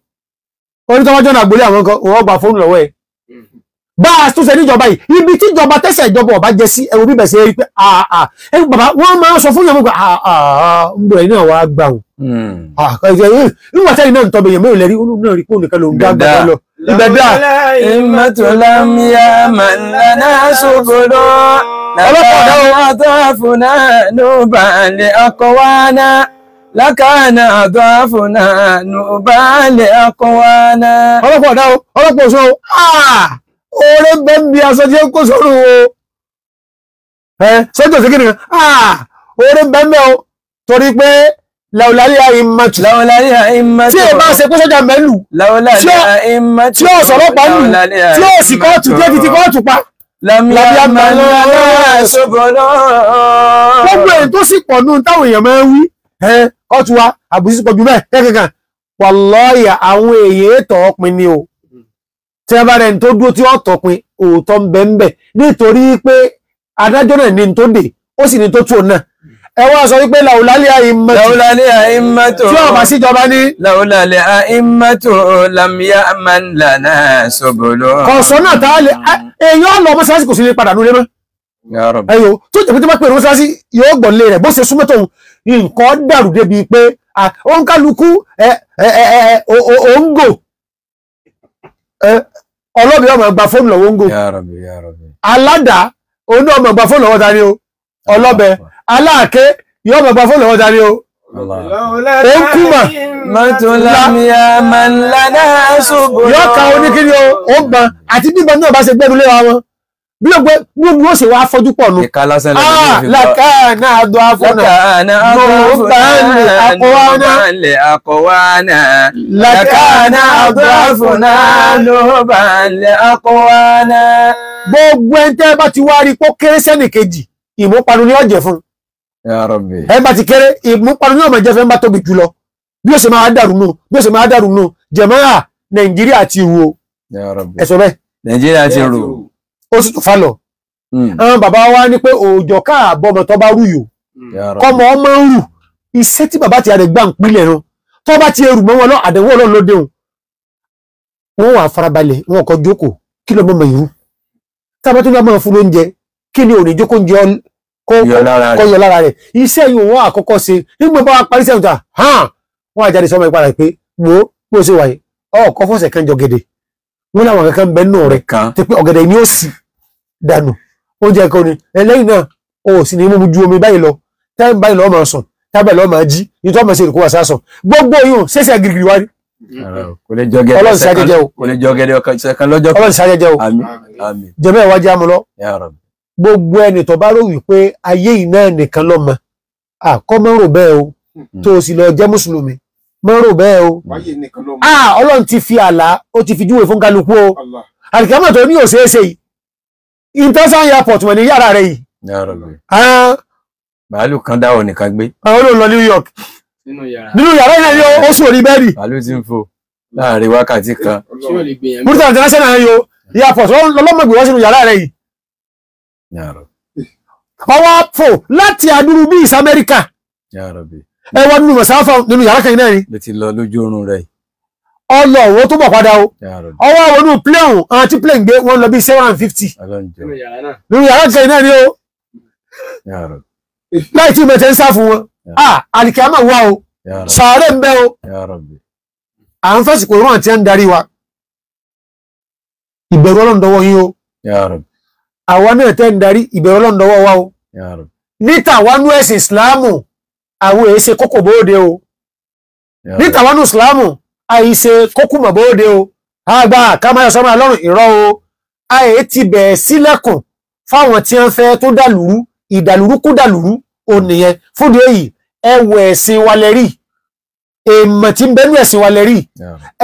Orí náà gbólé àwọn ọgbà fóònù lọ́wọ́ ẹ̀ bá a tún ṣe níjọba yìí ibi tí ìjọba tẹsẹ̀ ìjọba ọba jẹ sí ẹwọ bíbẹ sí ẹrí pé àà ẹ bàbá wọn máa sọ fún yàrá àà ń bọ̀ ẹ̀ náà wàá gbà wọn. Hmm. nígbà tẹ́lẹ̀ náà ń tọ́bẹ̀ yẹn mẹ́rin lẹ́rí olú náà rí pé òǹkà ló ń gbà gbà lọ. ibẹ̀ dà. ìmọ̀tòlámíyá màá nùbàlẹ̀ ọkọ̀wánà lákàánà àtọ́fùnà ọlọ́pàá ọ̀dà o ọlọ́pàá òṣùwọ̀n o oore ń bẹ ń bi aṣọ tí ó kó sọ́rùn o ẹ sọ́jọ́ sí kìnìkan ah oore ń bẹ ń bẹ o torí pé làwùláyà ìmọ̀tì tí ẹ bá ṣe pé sọ́jà mẹ́lù tí ó sọ̀rọ̀ pa lù tí ó sì kóòtù tí ó fi ti kóòtù pa làmìlà màlúwà ṣòbọ̀lọ́. gbogbo èyí tó sì pọ̀ nù táwọn èèyàn máa ń wí kóòtù wa àbùsí pọ̀ jù bẹ́ẹ̀ kẹ́kẹ́kan wàlọ́ọ̀yà àwọn èèyàn ètò ọpin ni o tí wọ́n bá rẹ̀ tó dúró tí wọ́n tọpin òótọ́ ń bẹ ń bẹ nítorí pé adájọ́ náà ní tó dé ó sì ní tó tó náà ẹ wá sọ wípé làwùlálẹ̀ àìmọ́tò làwùlálẹ̀ àìmọ́tò tí ọ̀bà síjọba ní. làwùlálẹ̀ àìmọ́tò làmìyá máa ń lànà sọ̀bọ̀lọ́. kọ̀sọ́ náà tá a lè èyí ọ̀nà ọmọ sáyẹ́sì kò sí lè padà nulẹ̀ mọ́. ẹyọ tó jẹ́ pé tí wọ́n pè ní mọ́sáyẹ́sì yóò gbọ̀n lé rẹ̀ bó ṣe súnmọ́tò nǹkan dàrú débi pé òǹkálukú òǹgò ọlọ́bì ọmọ gba fóònù lọ́wọ́ ń gò aládà onú ọmọ gba fóònù lọ́wọ́ dání o ọlọ́bẹ aláàké yóò mọ̀ gba fóònù lọ́wọ́ dání o òǹkùmà yóò ka oníkiri o ó gbọn àti bíbọn náà bá ṣe gbẹdúlé wa wọn bí o gbé bí o ṣe wá fọjú pọ̀ nù. ìka lásán lè ah, ní ìfipá làkà náà àdó àfọ̀nà mọ̀ọ́bánlẹ̀ àkọ̀wánà làkà náà àdó àfọ̀nà mọ̀ọ́bánlẹ̀ àkọ̀wánà. gbogbo ẹni bá ti wá rí pọ́ kéré sẹ́nì kejì ìmúpanu ni ó jẹ fún. ẹ bá ti kéré ìmúpanu ni ó máa jẹ fún ẹ bá tóbi jùlọ bí o ṣe máa dàrú nù bí o ṣe máa dàrú nù jẹ̀mọ́ra nàìjíríà ti rú o. ẹ sọ bẹ́ẹ̀. nàìjíríà ti rú o ó sì tún fálọ hmm. àwọn bàbá wa ní pé òòjọ káàbọ ọmọ tó bá rú yòó hmm. kọmọ ọmọ ń rù iṣẹ́ tí bàbá ti àrẹ gbà ń pínlẹ̀ ran tó bá ti ẹrù mọ́ wọn lọ àdẹ̀wọ́ ọlọ́run ló déhùn wọn wà farabalẹ̀ wọn kò jókòó kí ló mọ̀mọ̀ ìrú tábà tó ní ọmọ fún lóúnjẹ kí ni òní jókòó ń jẹ kó yọ lára rẹ̀ iṣẹ́ yìí wọn àkọ́kọ́ ṣe nígbà bá wa parí sẹ́wọ̀n ta hàn wọn àjáde sọmọ ìpara pé mo bó ṣe wà ọkọ fọ́sẹ̀ kan jọ gẹ̀dẹ̀ wọn làwọn kankan bẹ́ẹ̀ nù rẹ̀ tí pé ni ó sì dànù oúnjẹ kan ni ẹlẹ́yìn náà o sì ní mú ju omi báyìí lọ táyìn báyìí lọ́ọ́ máa sùn tábẹ̀ lọ́ọ́ máa jí nítorí ọmọ ṣe ìrìkúwà sásùn gbogbo yìí ṣẹ̀ṣẹ̀ gírígírí wá rí. ọlọ́run ṣàjẹjẹ o ọlọ́run ṣàjẹjẹ o jẹ́mọ́ ẹ̀ wájú amúlọ́ gbogbo ẹni tó bá rò wípé ayé yìí náà nìkan lọ́mọ àkọ́ mọ́ rò bẹ́ẹ̀ o hmm. tó o sì lọ jẹ́ mùsùlùmí mọ́ rò bẹ́ẹ̀ o ọlọ́run ti fi àlá ó ti fi júwe fún kálukú o àlìkámọ̀ tó ní òṣèṣe yìí international airport wẹ̀ ní yàrá rẹ̀ yìí. bàálù kan dáwọ̀ nìkan gbé. àwọn olóò lọ New York nínú yàrá náà yóò ó sùn orí bẹ́ẹ̀dì. bàálù ti ń fò láàrin wákàtí kan. murtala international yóò airport lọ́mọ̀gbé wọ́n sínú yàrá rẹ̀ yìí. ọwọ́ fò láti àdúrú bíi South America. ẹ̀wọ̀n nínú mọ̀sáfà nínú yàrá kan náà ni. mo ti lọ lójú oorun rẹ̀ yìí ọlọ́wọ́ tó bọ̀ padà o ọwọ́ àwọn onú plẹ̀hùn àwọn tí plẹ̀ gbé wọ́n lọ bí seven hundred and fifty lórí yàrá kẹrin náà ni o láì tí mẹtẹ ń sá fún wọn ah, àlìkàmà wà o sàárẹ̀ ń bẹ o à ń fẹ́sì kò rán àti ẹ̀ ń darí wa ìbẹ̀rù ọlọ́ndọ̀wọ́ yín o àwa náà tẹ́ ń darí ìbẹ̀rù ọlọ́ndọ̀wọ́ wa o níta wánú ẹ̀sìn ìsìláàmù àwọn èèṣe kókò bóde o níta wánú ìsìláàmù àìṣe kókùmọ̀ bóde o àgbà kámáyọ sọmọ ọlọ́run ìrọ́ o àyè ti bẹ̀ẹ̀ sílẹ̀kùn fáwọn tí wọ́n fẹ́ tó dàlúrú ìdàlúrú kú dàlúrú o nìyẹn fúdi èyí ẹwọ ẹ̀sìn walẹ́rì èèmọ̀ tí ń bẹ ní ẹ̀sìn walẹ́rì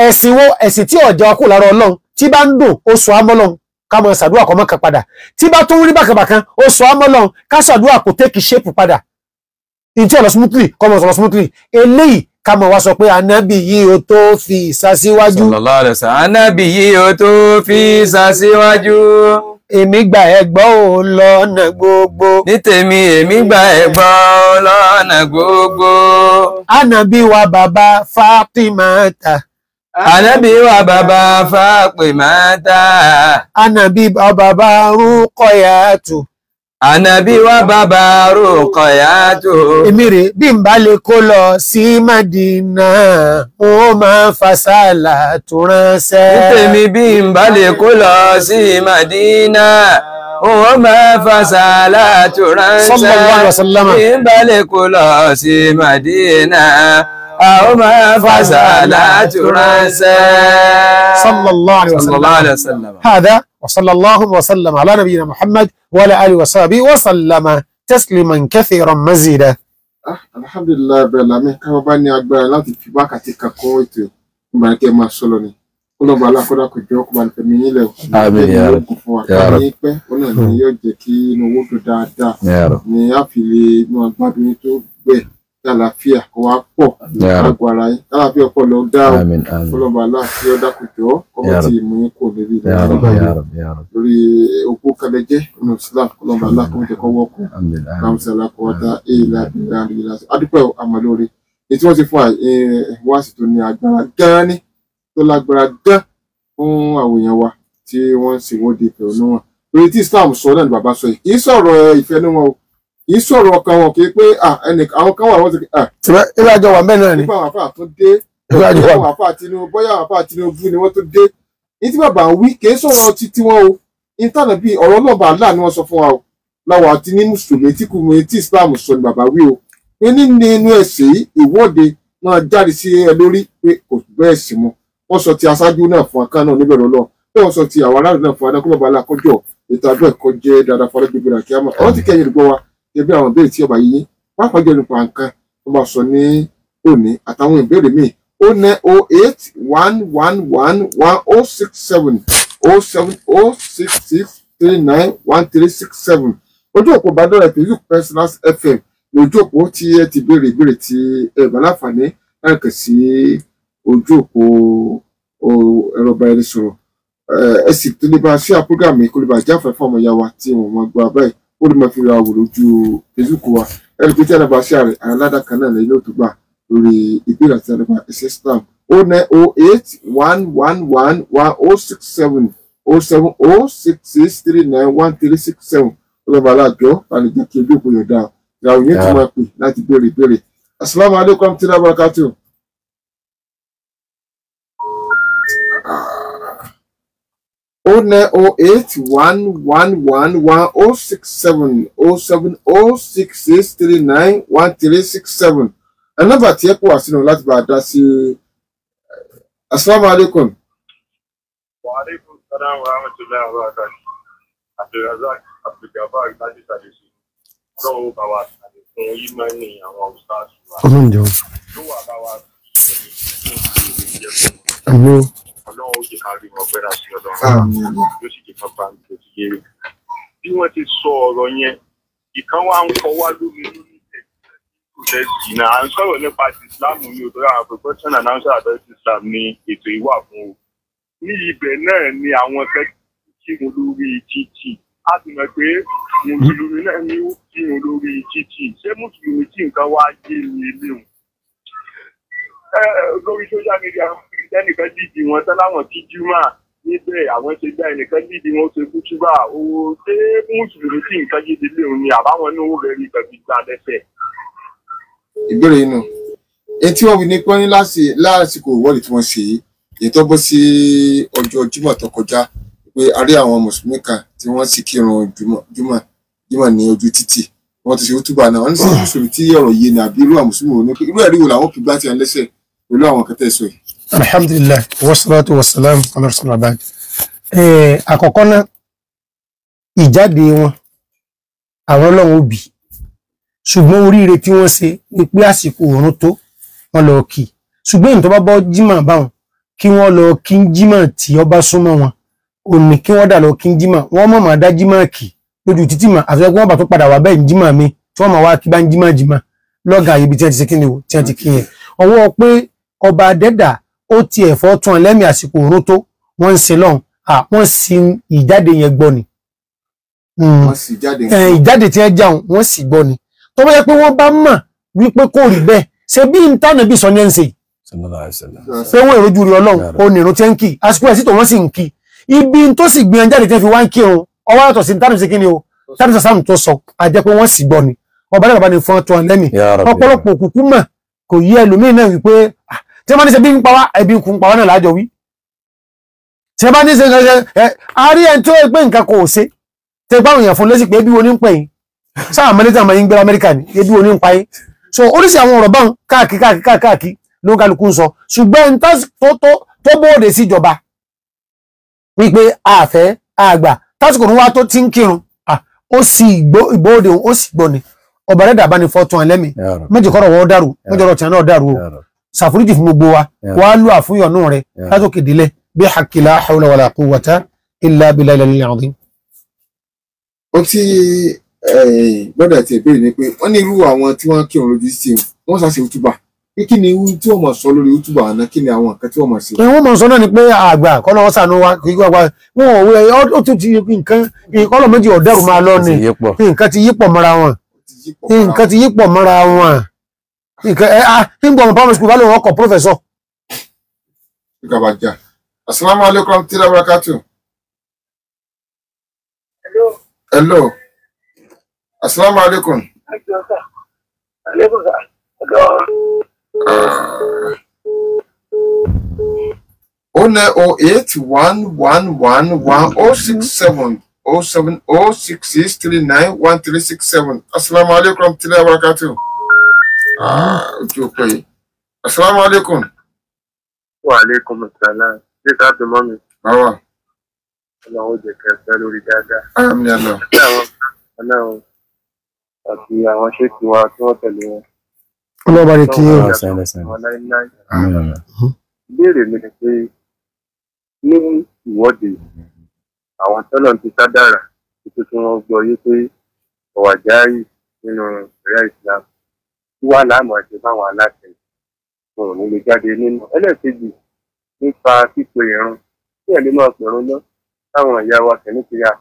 ẹ̀sìn wo ẹ̀sìn tí ọ̀jẹ̀ wa kù lára ọlọ́run tí bá ń dùn ó sọ amọ́lọ́run kámọ ṣàdúrà kọ́ mọ́kàn padà tí bá tún rí bàkàbàkan ó sọ amọ́lọ́run ká ṣàdúrà kò tẹ́kì ṣépù padà ìtí ọ̀lọ́sùmùtìlì kọ́mọ̀ ọ̀lọ́sùmùtìlì eléyìí kámọ̀ wá sọ pé anábì yìí o tó fi ìsasíwájú. sallallahu alaihi wasallam anábì yìí o tó fi ìsasíwájú. èmi gbà ẹ gbọ́ lọ́nà gbogbo. ní tèmi èmi gbà ẹ gbọ́ lọ́nà gbogbo. anábì wa bàbá Fátímátà. Ànábì wa bàbá Fátímátà. Ànábì wa bàbá Rúkọ̀yàtù. Ànàbí wá bàbá rúkọ yàtò. Èmi rè bí n bá lè kó lọ sí Màdínà, ó máa fasálà tó ránṣẹ́. Nítèmi bí n bá lè kó lọ sí Màdínà, ó máa fasálà tó ránṣẹ́. Sallallahu alaihi wasallam. Bí n bá lè kó lọ sí Màdínà àwọn ah, máa fàṣà látúránṣẹ́. sallallahu alayhi wa sallam. hada wa sallallahu wa sallam ala nabiyina muhammad wa ala alihi wa sahbihi wa sallama tasliman kathiran mazida. alhamdulilayi bẹ̀rẹ̀ lámì káwọn bá ní agbára láti fi wákàtí kan kún ètò ìmọ̀lẹ́kẹ́ máa sọ̀rọ̀ ni olóògbé alákọ̀dá kò jọ kó balẹ̀ fẹ̀mí yín lẹ̀ o. àmín yàrá yàrá ní pẹ́ ó náà yóò jẹ́ kí inú owó tó dáadáa ní àfìlè máa gbádùn tó bẹ́ẹ̀ àlàáfíà kò wá pọ̀ lágbo ara yín àlàáfíà ọ̀pọ̀ lọ dá o ọlọ́mọ aláàfíà ọ̀dà kò jọ ọmọ tí mú kò lórí ìlànà lórí òkú kẹlẹjẹ nínú Islam ọlọ́mọ aláàkọ́jẹ kọ́ wọ́kù ramsey alákọ̀ọ́dá èèlà ìlànà ìlànà adúpẹ́ àmàlóore èyí tí wọ́n ti fún wáàsì tó ní agbára gan ni tó lágbára gan fún àwọn èèyàn wa tí wọ́n sì wọ́n di ìfẹ̀hónúhàn lórí tí Islam sọ náà ni bàbá sọ yìí kì í sọ̀rọ̀ ìfẹ́nú wọn kì í sọ̀rọ̀ kan wọn kì í pé àwọn kan wà wọ́n ti kì í. ilé àjọ wà mẹ́rin náà ni. nípa àwọn àfáà tó dé ilé àjọ wà àwọn àfáà Tinubu bóyá àwọn àfáà Tinubu ni wọ́n tó dé. ní tí bàbá ń wí kì í sọ̀rọ̀ ti tiwọn o ìtànà bíi ọ̀rọ̀ náà láàánú wọn sọ fún wa o láwọn àti ní mùsùlùmí tí kùmùmí tí Islam sọ ni bàbá wí o pé nínú inú ẹ̀sìn yìí ìwọ́de náà jáde sí ẹ lórí pé kò bẹ́ẹ̀ sí mu wọ́n sọ ti aṣáájú náà fún akán náà níbẹ̀ lọ́lọ́ bẹ́ẹ̀ wọ́n sọ ti àwọn aráàlú náà fún adákùnrin bàbá alákọ́jọ́ ètò àdúrà ẹ̀kọ́ jẹ́ dáadáa gẹ́gẹ́ àwọn ìbéèrè tí ọba yìí pàápàá jẹ́ nípa nǹkan tó sọ ní òní àtàwọn ìbéèrè míì ó ní o oh eight one one one one o oh six seven o oh seven o six six three nine one three six seven ojú òpó bàdọ́rẹ̀ pẹ̀lú personal fm lójú òpó tí ẹ ti béèrè ìbéèrè tí ẹ bá láǹfààní láì kàn sí ojú òpó ẹ̀rọ ìbáraẹnisọ̀rọ̀ ẹ sì tó lè bá ṣíà program yìí kó lè bá jáfẹ́ ọmọ ìyá wa tí wọ́n mọ̀ gbọ́ abẹ́ẹ̀ ó lè máa fi ra wò lójú facebook wa ẹni pé tí a dábàá ṣáà rẹ̀ aládàá kan náà lẹ́yìn òtún gbà lórí ìbéèrè àti àdàbà ẹ̀sẹ̀ stamp o nine o eight one one one one oh o six seven o oh seven o oh six six three nine one three six seven ọlọ́ba aláàjọ láti jẹ́ kí ojú òpó yọ̀ dáa ìyàwó yẹn ti máa pè láti béèrè ìbéèrè asalaamualeykum tí náà bá kátó oh nine oh eight one one one one oh six seven oh seven oh six six three nine one three six seven ẹ nọ́mbà tí ẹ kó wá sínú láti bá a dá sí i asalaamualeykum. wa aleykum salaam wa rahmatulahi wa barakatuh abdulrasaq abdulgafar láti ṣàdéṣe lọ́wọ́ bá wa ṣàdé fún yímọ́nì àwọn ọ̀ṣáṣù wa ló wà bá wa ṣàdé fún ìjẹun ọlọ́run ó jẹ́ ká rí wọn gbéra sí ọlọ́run yóò sì jẹ́ ká bá ní ojú yé rè bí wọ́n ti sọ ọ̀rọ̀ yẹn ìkan wá ń kọ wá lómi lórí ìtẹ̀ ìjìnà à ń sọ̀rọ̀ nípa ti Islam ní odò àwọn profession and answer about Islam ní ètò ìwà fún o ní ibẹ̀ náà ni àwọn kẹ́kẹ́ kí mo lórí títì a sì mọ̀ pé mùsùlùmí náà ni ó kí mo lórí títì ṣé mùsùlùmí tí nǹkan wá yé mi léwu lórí social media tẹ́nìkan dìdì wọn tán láwọn kí júmọ̀ níbẹ̀ àwọn ṣe gbá ẹnìkan dìdì wọn ó ṣe kú túbà owó ṣé mùsùlùmí sì nǹkan yé délé òun ni àbáwọn náà ó rẹ̀ rí ìgbàgbé gbà lẹ́sẹ̀. ìbéèrè inú etí wọn wí ní pọ́n ní lásìkò ìwọ́de tí wọ́n ṣe yìí èyí tó bọ́ sí ọjọ́ júmọ̀ tó kọjá pé a rí àwọn mùsùlùmí kan tí wọ́n sì kírun júmọ̀ ní ojú títì wọ́n ti ṣe kútùbà náà wọ́n ní sọ mùsùlùmí tí ọ̀rọ̀ yìí ni àbí irú àwọn mùsùlùmí wọn ní irú ẹ̀rí wo làwọn fi gbá tiẹ̀ lẹ́sẹ̀ pẹ̀lú àwọn kẹtẹ́ sọ yìí alhamdulillah wasalaatu wasalaam ala rasulillah baaki eh, àkọ́kọ́ náà ìjáde wọn àwọn ọlọ́run òbí ṣùgbọ́n oríire tí wọ́n ṣe ni pé àsìkò òórùn tó wọ́n lọ kí ṣùgbọ́n ìtọ́ bá bọ́ jímọ̀ báwọn kí wọ́n lọ kí ń jímọ̀ tí ọba súnmọ́ wọn òní kí wọ́n dà lọ kí ń jímọ̀ wọ́n mọ̀ máa dá jímọ̀ kì lójú títì mà àti ẹgbẹ́ wọn bá tó padà wà bẹ́ẹ̀ ń jímọ̀ mi tí wọ́n máa wá kí bá ń jímọ̀ jímọ̀ lọ́gàá ibi tí wọ́n ti ṣe kí ni o tí wọ́n ti kí yẹn ọwọ́ pé ọba adẹ́dà ó ti ẹ̀fọ́ tún ẹlẹ́mì àsìkò òórùn tó wọ́n ń sin lọ́hùn wọ́n sin ìjáde yẹn gbọ́ ni hmm. eh, ìjáde tí wọ́n jáun wọ́n sì gbọ́ ni tó bá yẹ pé wọ́n bá mọ̀ wípé kò rí bẹ́ẹ̀ ṣe bí ìtànà bí sọ ní ẹ̀ ń ṣe pé wọ́n ìrojú rí ọlọ́run ó ní ìrún tí ń kì àsìkò ẹ̀ sí tó wọ́n sì ń kì ibi tó sì gbìyànjú jáde tí wọ́n fi wá ń kírun ọwọ́ yàtọ̀ sí ìtànà sí kí ni o tàbí sàsáàmù tó sọ àjẹ́ pé wọ́n sì gbọ́ ni ọba náà bá ní fún ọtún ẹlẹ́mì ọ̀pọ̀lọpọ̀ òkùnkùn mọ̀ kò yí ẹlòmíín náà wípé ah, tí wọ́n ní ṣe bí ń pa wá ẹbí ń kun pa wá náà lájọ wí tí wọ́n bá ní ṣe ẹ àárí ẹni tí pé nǹkan kò ṣe tí wọ́n bá wọ̀nyàn fún lẹ́sìn pé ebi wo ní ń pè yín sáà mẹ́lẹ́tà máa ń gbé amẹ́ríkà ní ebi wo ní ń pa yín so oríṣi àwọn ọ̀rọ̀ báwọn káàkiri káàkiri káàkiri ló ń kálukú ń sọ ṣùgbọ́n tó bóde sí ìjọba wípé àfẹ́ àgbà tásìkò ní wá tó ti ń kírun ó sì ìgbóòde ó sì gbọ́ni ọ̀bàrẹ́dà bá ní fọ́tún ẹlẹ́mì mẹ́jọ kọ́rọ̀ wọ́n dàrú mẹ́jọ ọ̀rọ̀ tiẹ̀ náà dàrú o ṣàforíjì fún gbogbo wa wàá lù àfúnyọ̀nù rẹ látòkè délẹ̀ bí hakila hawla wàlà quwwata illa billahi al-aliyyil azim. ó eh, ti gbọ́dọ̀ ti ìbéèrè ni pé wọ́n ní irú àwọn tí wọ́n kírun lójú sí wọ́n ṣàṣe òtúbà pé kí ni tí wọ́n mọ̀ sọ lórí òtúbà àná kí ni àwọn nǹkan tí wọ́n mọ̀ sí. wọ́n mọ̀ sọ náà ni pé àgbà kọ́nà wọn sànú wa kí wọ́n wá wọn ò wẹ ó tún ti nǹkan kọ́nà méjì ọ̀dẹ́rù máa lọ ni nǹkan ti yípọ̀ mọ́ra mọ́ra wọn nǹkan ẹ ah nígbà ọmọ primary school bá lóun ọkọ professor. ìgbàbàjà asalaamu alaykum tí dábàá kátó. hello. hello. asalaamu alaykum. Ah. o ne o oh eight one one one one o oh six seven o oh seven o six six three nine one three six seven asalaamu alaykum tí dábàá kátó ah pé asalaamu aleykum. wa aleykum salaam ṣé ká bí mọ́ mi. báwa. ọlọ́run jẹ kẹfẹ́ lórí dáadáa. àmì àlọ́. ṣé àwọn ọlọ́run àti àwọn ṣéèkì wa tí wọ́n tẹ̀lé wọn. ọlọ́ba ni kí yóò. ìbéèrè mi ni pé ní ìwọ́de àwọn tọ́lọ̀ ti sá dára tuntun tí wọ́n gbọ́ yé pé ọ̀wà jáì nínú ẹ̀rẹ́ ìsìlámù wà láàmú àti báwọn aláṣẹ wọn ò ní lè jáde nínú ẹlẹ́ẹ̀kejì nípa pípe irun téèyàn lè máa pèrún lọ táwọn ìyá wa kẹ̀mí ti yá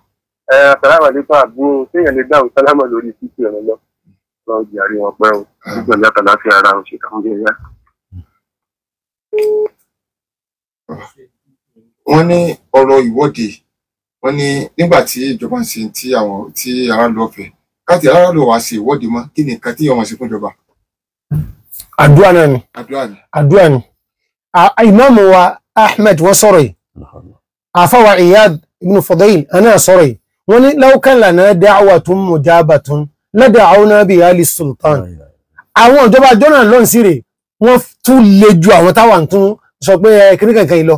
ẹ àtàlámà nípa àbúrò téèyàn lè dáhùn sálámà lórí pípe irun lọ wọn ò jàre wọn pẹ́ o nígbà mẹ́ta láti ara òṣè kàmúlẹ̀ yá. wọ́n ní ọ̀rọ̀ ìwọ́de wọ́n ní nígbà tí ìjọba ń ṣe tí àwọn tí aráàlú ọ̀fẹ́ káàtì aráàlú wa ṣe ìwọ́de mọ́ kí ni nǹkan tí wọ́n ṣe fún ìjọba àdúrà náà ni àdúrà ni ìmáàmù wa ahmed wọ́n sọ̀rọ̀ yìí àfáwà iyad ibn fudayl aná sọ̀rọ̀ yìí wọ́n ní law kana lana da'watun mujabatun lada'awna biha lis-sultan àwọn ìjọba jọ́nà lọ́n sí rè wọ́n tún le ju àwọn táwọn tún sọ pé kiri kankan yìí lọ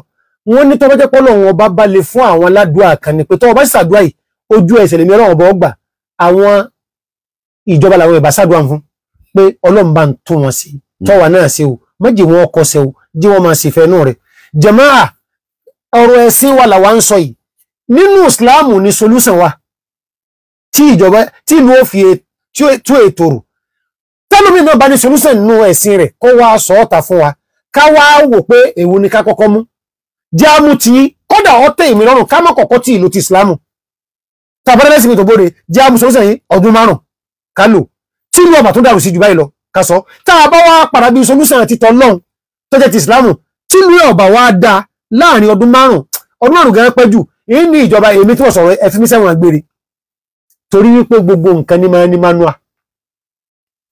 wọ́n ní tọ́bọ́jẹ́ pọ́lọ̀ wọn bá balẹ̀ fún àwọn aládùá kan ni pé tọ́wọ́ bá ṣàdúrà yìí ojú ẹsẹ̀ lèmi ọlọ́run ọba ọgbà àwọn ìjọba làwọn ìbá ṣàdúrà fún pé ọlọ́run bá ń tún wọn sí i tọ́wà náà ṣe o méjì wọn kọ ṣe o jí wọn máa ṣèfẹ́ inú rẹ̀ jàmáà ọ̀rọ̀ ẹ̀sìn wà làwa sọ yìí nínú ìsìláàmù ni solúsàn wa tí ìjọba tí ìlú ò fi e, tú ètò e rò tẹ́lómi náà bá ní solúsàn nínú ẹ̀sìn rẹ̀ kó wá sọ ọ́ta fún wa ká wá wò pé èwo ni ká kọ́kọ́ mú jẹ́ àmú tí kódà ọ̀tẹ̀ ìmí lọ́rùn ká má kọ́kọ́ tí ìlú ti ìsìláàmù tàbí ẹ̀sìn mi tó bóde jẹ́ àmú solúsàn yìí ọdún márùn-ún tí ìlú ọba tó dàrú sí jù báyìí lọ kásọ tá a bá wá padà bí solúsàn àti tọlọ́run tó jẹ́ ti ìsìláàmù tí ìlú ọba wa dá láàrin ọdún márùn ọdún márùn gan pẹ́ jù èyí ní ìjọba èmi tí wọ́n sọ̀rọ̀ ẹ fi mí sẹ́wọ̀n gbére torí wípé gbogbo nǹkan ní máa ní manua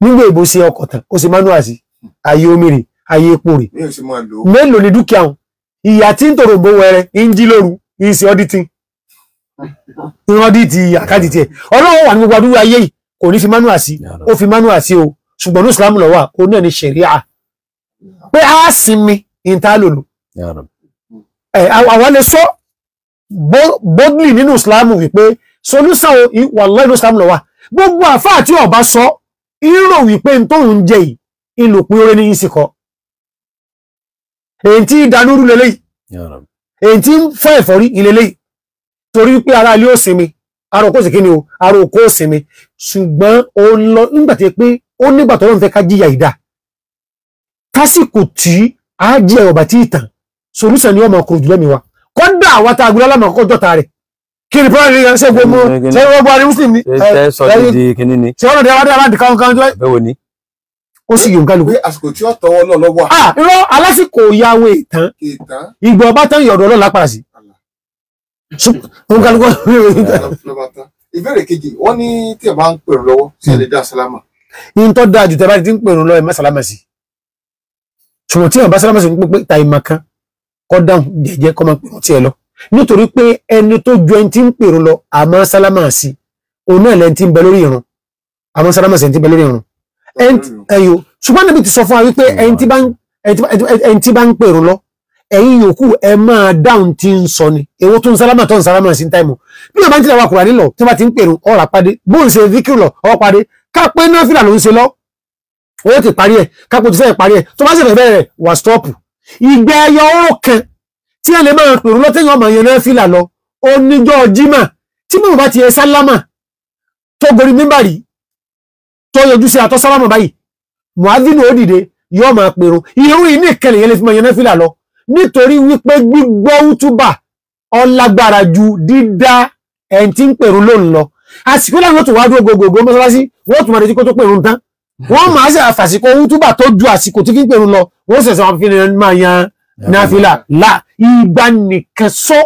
nígbà èbó ṣe ọkọ̀ tán ó ṣe manua sí ààyè omi rè ààyè epo rè mélòó ni dúkìá òun ìyá tí ń tòrò bó wẹrẹ ń jí lóru ń ṣe ọdítìn ń ọdítì àkáàdì tiẹ̀ ọlọ́run wà ní gbogbo adúlọ ayé yìí kò ní fi manua sí ó fi manua sí o ṣùgbọ́n ní ìsìlámù lọ́wọ́ o náà ni ṣẹ̀ríà pé a sinmi ìntàlòlò àwọn lè sọ boldly nínú ìsìlámù wípé solúsàn wàlọ́ inú ìsìlámù lọ́wọ́ gbogbo àfá àti ọba sọ ìrò wípé n tóun jẹ yìí ìlòpin oore ní ìsìnkọ èyí tí ìdánúrú lélẹ́yìí èyí tí ń fọ́ ẹ̀fọ́rí ìlélẹ́yìí torí pé ara ilé ó sinmi ara òkó sì kí ni o ara òkó sinmi ṣùgbọ́n ó ń lọ nígbà tí pé ó nígbà tó lọ́n fẹ́ ká jìyà ìdá tásìkò tí a jìyà ọ̀bà tí ìtàn solúsàn ni wọ́n máa kúrò jù lẹ́mi wa kọ́dà àwa tá a gbé lálàmà kọ́kọ́ rẹ̀ kí ni pọ́nrẹ́ yẹn ṣe gbogbo ṣe wọ́n buhari muslim ni ṣe wọ́n lọ́dẹ aládé aládé káwọn káwọn jọ ó sì yóò kálukú. àsìkò tí ó tọwọ́ náà lọ́wọ́. à ah, irọ́ alásìkò ìyàwó ìtàn ìgbà ọba tán kejì wọ́n ní tí ẹ̀ bá ń pè lọ́wọ́ sí ẹ̀ lè dá sálámà yín tó dáa jù tẹ́ bá ti ń pèrún lọ ẹ̀mọ́ sálámàsì ṣùgbọ́n tí ẹ̀mọ́ sálámàsì ń pè pé ta ìmọ̀ kan kọ́ dáhùn jẹ́jẹ́ kọ́ máa pèrún tiẹ̀ lọ nítorí pé ẹni tó ju ẹni tí ń pèrún lọ àmọ́ sálámàsì òun náà lẹ́ni tí ń bẹ lórí ìrun àmọ́ sálámàsì ẹni tí ń bẹ lórí ìrun ẹyọ ṣùgbọ́n níbi ti sọ fún wa wípé ẹni tí bá ń pèrún lọ ẹ̀yin yòókù ẹ máa dáhùn tí ń sọ ni èwo tó ń sálámà tó ń sálámà sí táìmù bí ọba ń tilẹ̀ wà kùrà nílọ tí wọ́n ti ń pèrún ọ̀rà pàdé bóun ṣe fíkìrì lọ ọ̀ pàdé ká pé náfìlà ló ń ṣe lọ owó ti parí ẹ̀ kápò ti fẹ́ parí ẹ̀ tó bá ṣẹ̀fẹ̀ bẹ̀rẹ̀ wà stọ́ọ̀pù ìgbẹ́ ẹyọ ọ̀rọ̀ kan tí a lè máa pèrò lọ́tẹ̀yìn ọmọ yẹn náfìlà lọ oníjọ́ jimá tí mo bá ti yẹ sálámà tó gorí mímbàrí tó yọjú sí àtọ́ sálámà báyìí muhammed ó dìde yóò máa pèrò irú yìí nìkan lèyẹn lè fi máa yẹn náfìlà lọ nítorí wípé gbígbọ́ útúbà ó ju dídá ẹni tí ń pèrò lóun lọ àsìkò láwọn tó wá dúró gbogbogbò mọ́sálásí wọ́n tún máa retí kó tó pèrún tán wọ́n máa ṣe àfàsìkò wútúbà tó ju àsìkò tí kí ń pèrún lọ wọ́n sẹ̀sẹ̀ wọn fi máa yan náfìlà là ìgbà nìkan sọ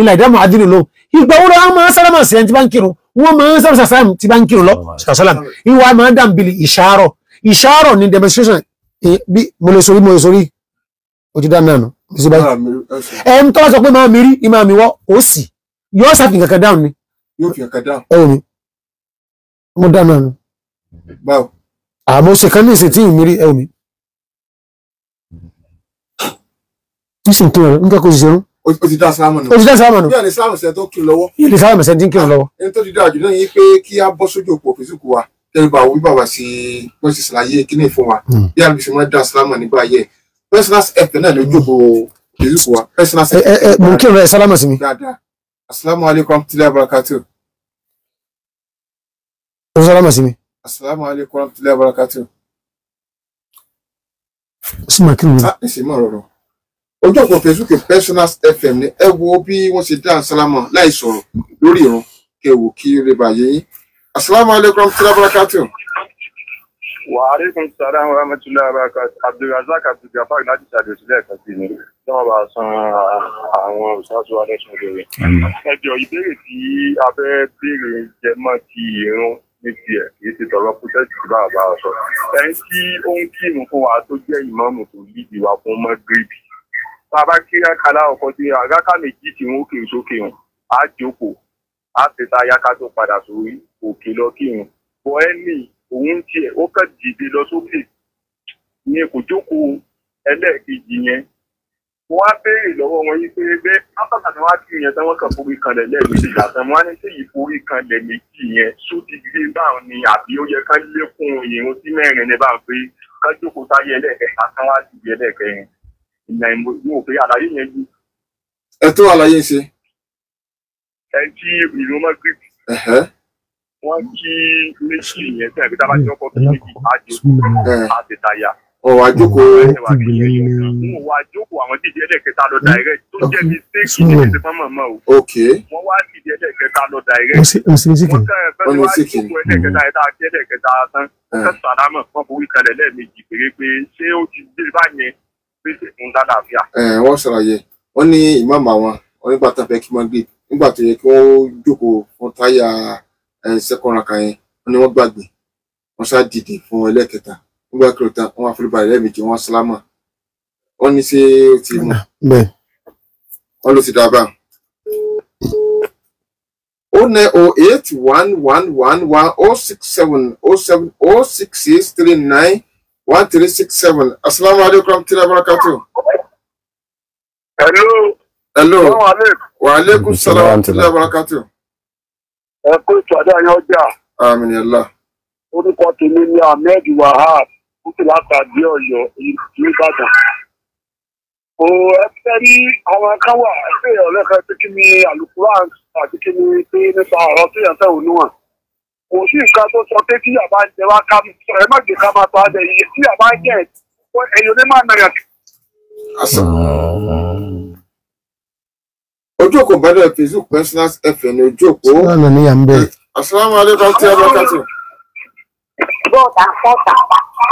ilẹ̀ ìdámọ̀ adínú lò ìgbà wo lọ́wọ́ máa sálámà sí ẹni tí bá ń kírun wọ́n máa ń sálámà sálámà tí bá ń kírun lọ sàlám ìwà máa ń dàbìlì ìṣàárọ̀ ìṣàárọ̀ ni demonstration bí mo lè sorí mo lè sorí ojú dáná nù ẹ̀ ń tọ́ sọ pé máa mi rí ìmáàmì wọ́ ó sì yọ ọ́ sàfihàn kankan dáhùn ni yóò fi ọ̀kan dáhùn. ẹ̀yìn ni mo dáná ni. báwo. àmọ́ ṣe kan ní ìsìntì ìmírí ẹ̀yìn ni. nísìnyí tó rẹ nǹkan kò sì ṣerú. o ti dá sáàmù nù. o ti da sáàmù nù. yóò ní sáàmù sẹ tó kí n lọ́wọ́. yóò ní sáàmù sẹ tí ń kí n lọ́wọ́. ẹni tó ti dá àjò náà yí pé kí a bọ́ sójú òpó fìsìkù wa tẹ́lẹ̀ bá wí bàbá sí wọ́n ti ṣàlàyé kíní fún wa hmm. bí a lè fi máa dá sáàmù nígbà yẹ personal help náà lójú òpó fìsìkù wa personal help. mo kí n rẹ sálámù sí mi. dáadáa asalaamu aleykum tílẹ̀ abarakatu. ó sọ́lámà sí mi. asalaamu aleykum tílẹ̀ abarakatu. ó sì ah, máa kí ni. a sì máa rọrọ ojú ọ̀pọ̀ facebook personal fm ni ẹ wo bí wọ́n ṣe dá asalaamu láì sọ̀rọ̀ lórí ìran kẹwò kí ó lè bàyè yín asalaamu aleykum tílẹ̀ abarakatu wàhálẹ́kùn sàrà àwọn amẹ́túlá abdulrazak abdulgafar láti ṣàdòsí lẹ́ẹ̀kan sí ni lọ́wọ́ bá san àwọn òṣàṣù adẹ́sùn lórí. ẹjọ́ ìbéèrè tí a fẹ́ béèrè jẹ mọ́ ti irun ní tiẹ̀ kì í ṣe tọrọ pọ́tẹ́sì tí bàbá wa sọ. ẹni tí ó ń kírun fún wa tó jẹ́ ìmáàmù tó yídi wa fún mọ́gírìbì. tá a bá kí ẹ̀kálá ọkọ̀ sí àgáká méjì tí wọ́n kì í sókè hàn á jókòó á ti ta yáká tó padà sórí òkè lọ kírun. bọ́ ẹ́ nìyí òun tiẹ̀ ó kàn dìde lọ sókè ní kò jókòó ẹlẹ́ẹ̀kejì yẹn wọ́n á béèrè lọ́wọ́ wọn yí pé bẹ́ẹ̀ ápàtà ni wọ́n á kiri yẹn tí wọ́n kàn forí kanlẹ̀ lẹ́ẹ̀mejì àtàwọn wọn á ní sèyí forí kanlẹ̀ méjì yẹn sódì gbé báwọn ni àbí ó yẹ ká lékún ìrún sí mẹ́rin ní báwọn pé ká jókòó táyé ẹlẹ́ẹ̀kẹta kan wá sí ibi ẹlẹ́ẹ̀kẹrin ìlànà ìmọ̀ pé àlàyé yẹn ju. ẹ tó àlàyé ṣe. ẹ tí ìlú mọ́ gírípì wọ́n kí méjì yẹn tẹ̀ pé tábàjì ọkọ̀ tó méjì àjò àtẹ̀tàyà. ọ̀wà jókòó wọ́n jókòó àwọn dìde ẹlẹ́kẹta lọ direct tó jẹ́ mi séèkì ní ẹsẹ̀ fọ́nmọ̀ mọ́ o. wọ́n wá dìde ẹlẹ́kẹta lọ direct. wọ́n kẹ́rẹ̀ fẹ́ wá jókòó ẹlẹ́kẹta hmm. ẹ̀ta àti ẹlẹ́kẹta tán kẹsàn-án àdámọ̀ fún ọkùnrin kan lẹ́ẹ̀mejì péré pé ṣé ó ti dé báyẹn pèsè fún lálàáfíà. wọ́n ṣàlàyé wọ́n ní ìmáàmù àwọn onígbàtà fẹ́ kí wọ́n gbé nígbà tó yẹ kí wọ́n jókòó fún táyà second raka yẹn wọ́n ní wọ́n gbàgbé wọ́n ṣáà dìde fún ẹlẹ́kẹta wọ́n gbà kúrò tán wọ́n àforíbalẹ̀ lẹ́ẹ̀mejì wọ́n sálámà wọ́n ní ṣé ó ti mú wọ́n ló ti dá o nine o eight one one one one o oh six seven o oh seven o oh six six three nine one three six seven asalaamualeykum warahmatulahi wabarakatuh. hello. hello. wa aleykum salaam wa rahmatulahi wa barakatuh ẹ kó ètò àdáyé ọjà. àmín yàlla. orúkọ tèmi ni ahmed wahab kúkú látàdé ọ̀yọ́ nìbàdàn. o ẹ fẹ́ àwọn kan ẹgbẹ́ ọ̀lẹ́kẹ́ pé kí ni alukuran àti kí ni pé nípa ọ̀rọ̀ tó yẹn fẹ́ òun níwọ̀n. kò sí nǹkan tó sọ pé kíyà bá ń jẹ wá ká ẹ má jẹ ká máa tọ́ adẹ iye kíyà bá ń jẹ ẹ̀yọ́ ní má nàyà ojú òkò bá dẹ̀ facebook pensioners fm ní ojú òkò. sọ́nà ní yàmbẹ́. asalaamu aleykum tí a bá kàtó. bọ́ọ̀dà fọ́ọ̀tà.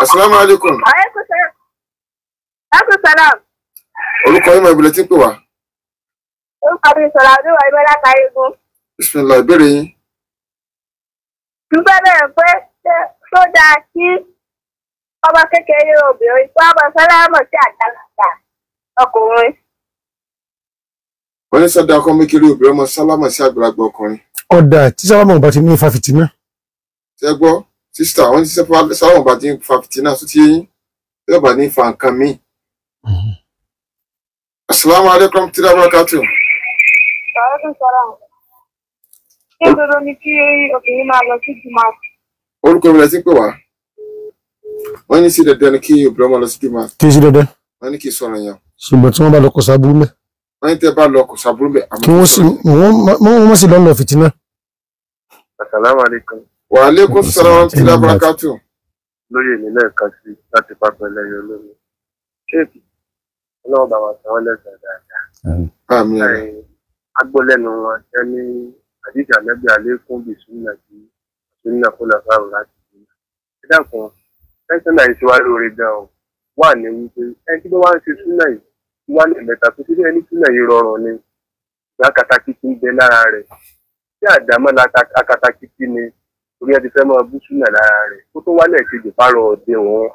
asalaamu aleykum. aleykum salaam. aleykum salaam. orúkọ yín máa ìbílẹ̀ tí ń pè wá. orúkọ mi sọ̀rọ̀ àdúrà ìbẹ́lá káyégún. bisimilá ìbéèrè yín. dúpẹ́ bẹ́ẹ̀ pé tó dáa kí ọmọ kékeré obìnrin tó ọmọ sálámọ̀ sí àgbàlagbà ọkùnrin wọ́n ní sọ́dọ̀ ọkọ mékeré obìnrin ọmọ sálámà sí àgbàlagbà ọkùnrin. ọ̀dà tí sálámà bá ti ní fa fìtínà. ṣe gbọ́ sísítà wọ́n ní sálámà bá ti ní fa fìtínà tó ti yẹyìn tí ọba ní fa nǹkan míì. Mhm. asalaamu aleykum tí dábàá kàtó. ṣé dodo ni kí obìnrin máa lọ sí jùmọ̀? orúkọ mi lẹ́sìn pé wá. wọ́n ní sí dandan ni kí obìnrin máa lọ sí jùmọ̀. kí sí dandan. wọ́n ní kí sọ̀rọ̀ yẹn. ṣùgbọ́n tí wọ́n bá lọ kọ sábúrú mẹ́ wọ́n ní tẹ́ bá lọ kò sàbúrú bẹ̀. kí wọ́n sì wọ́n mọ̀ sí lọ́nà fìtínà. assalamu alaikum. wa alaikum salaam wa rahmatullahi wa barakatuh. lóye mi lẹ́ẹ̀kan sí láti bá pẹ̀lẹ́ yọ lómi ṣéèkì ọlọ́run bá wa sọ wọ́n lẹ́sàn-án dáadáa. àmín. agbọ́lẹ́nu wọn jẹ́ ní àdìjà lẹ́bí àlékún bíi súnà sí súnà kólà fáwọn láti súnà. ẹ dákun ẹ̀sán náà ìṣèwádìí orí gan wà ní wípé ẹni tí wọ́n wá ń ṣe súnà yìí wálé mẹ́ta tó ti ẹni tí náà yìí rọrùn ni ìgbà katakítí ń bẹ lára rẹ̀ tí àdámọ́ la akatakítí ni orí ẹni fẹ́ máa bú súnà lára rẹ̀ kó tó wálé kejì wọn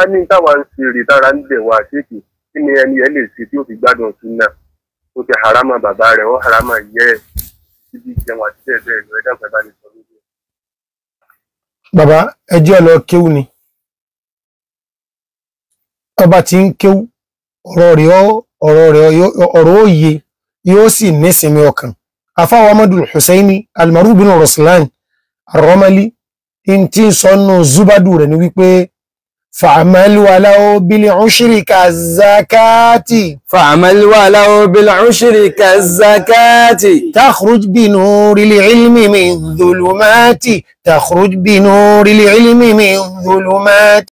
a ní táwa ń ṣe èrè tára ń dẹ̀ wá àṣekì kí ni ẹni ẹ lè ṣe tí fi gbádùn ó ti bàbá ó ẹ síbi ìjẹun àti lọ ẹ dàgbà bá sọ ni ọba ti ń ọ̀rọ̀ rẹ̀ ọ̀rọ̀ rẹ̀ ọ̀rọ̀ òye yóò sì nísinmi ọkàn afáwọn amadul hussaini almaru bin ruslan aromali in ti ń sọ nù zubadu rẹ̀ ni wípé fàmàlúwàlá ó bílẹ̀ ọ̀ṣírí ka zakati. fàmàlúwàlá ó bílẹ̀ ọ̀ṣírí ka zakati. takhruj bínú rílẹ̀ ilmi min dhulumati takhruj bínú rílẹ̀ ilmi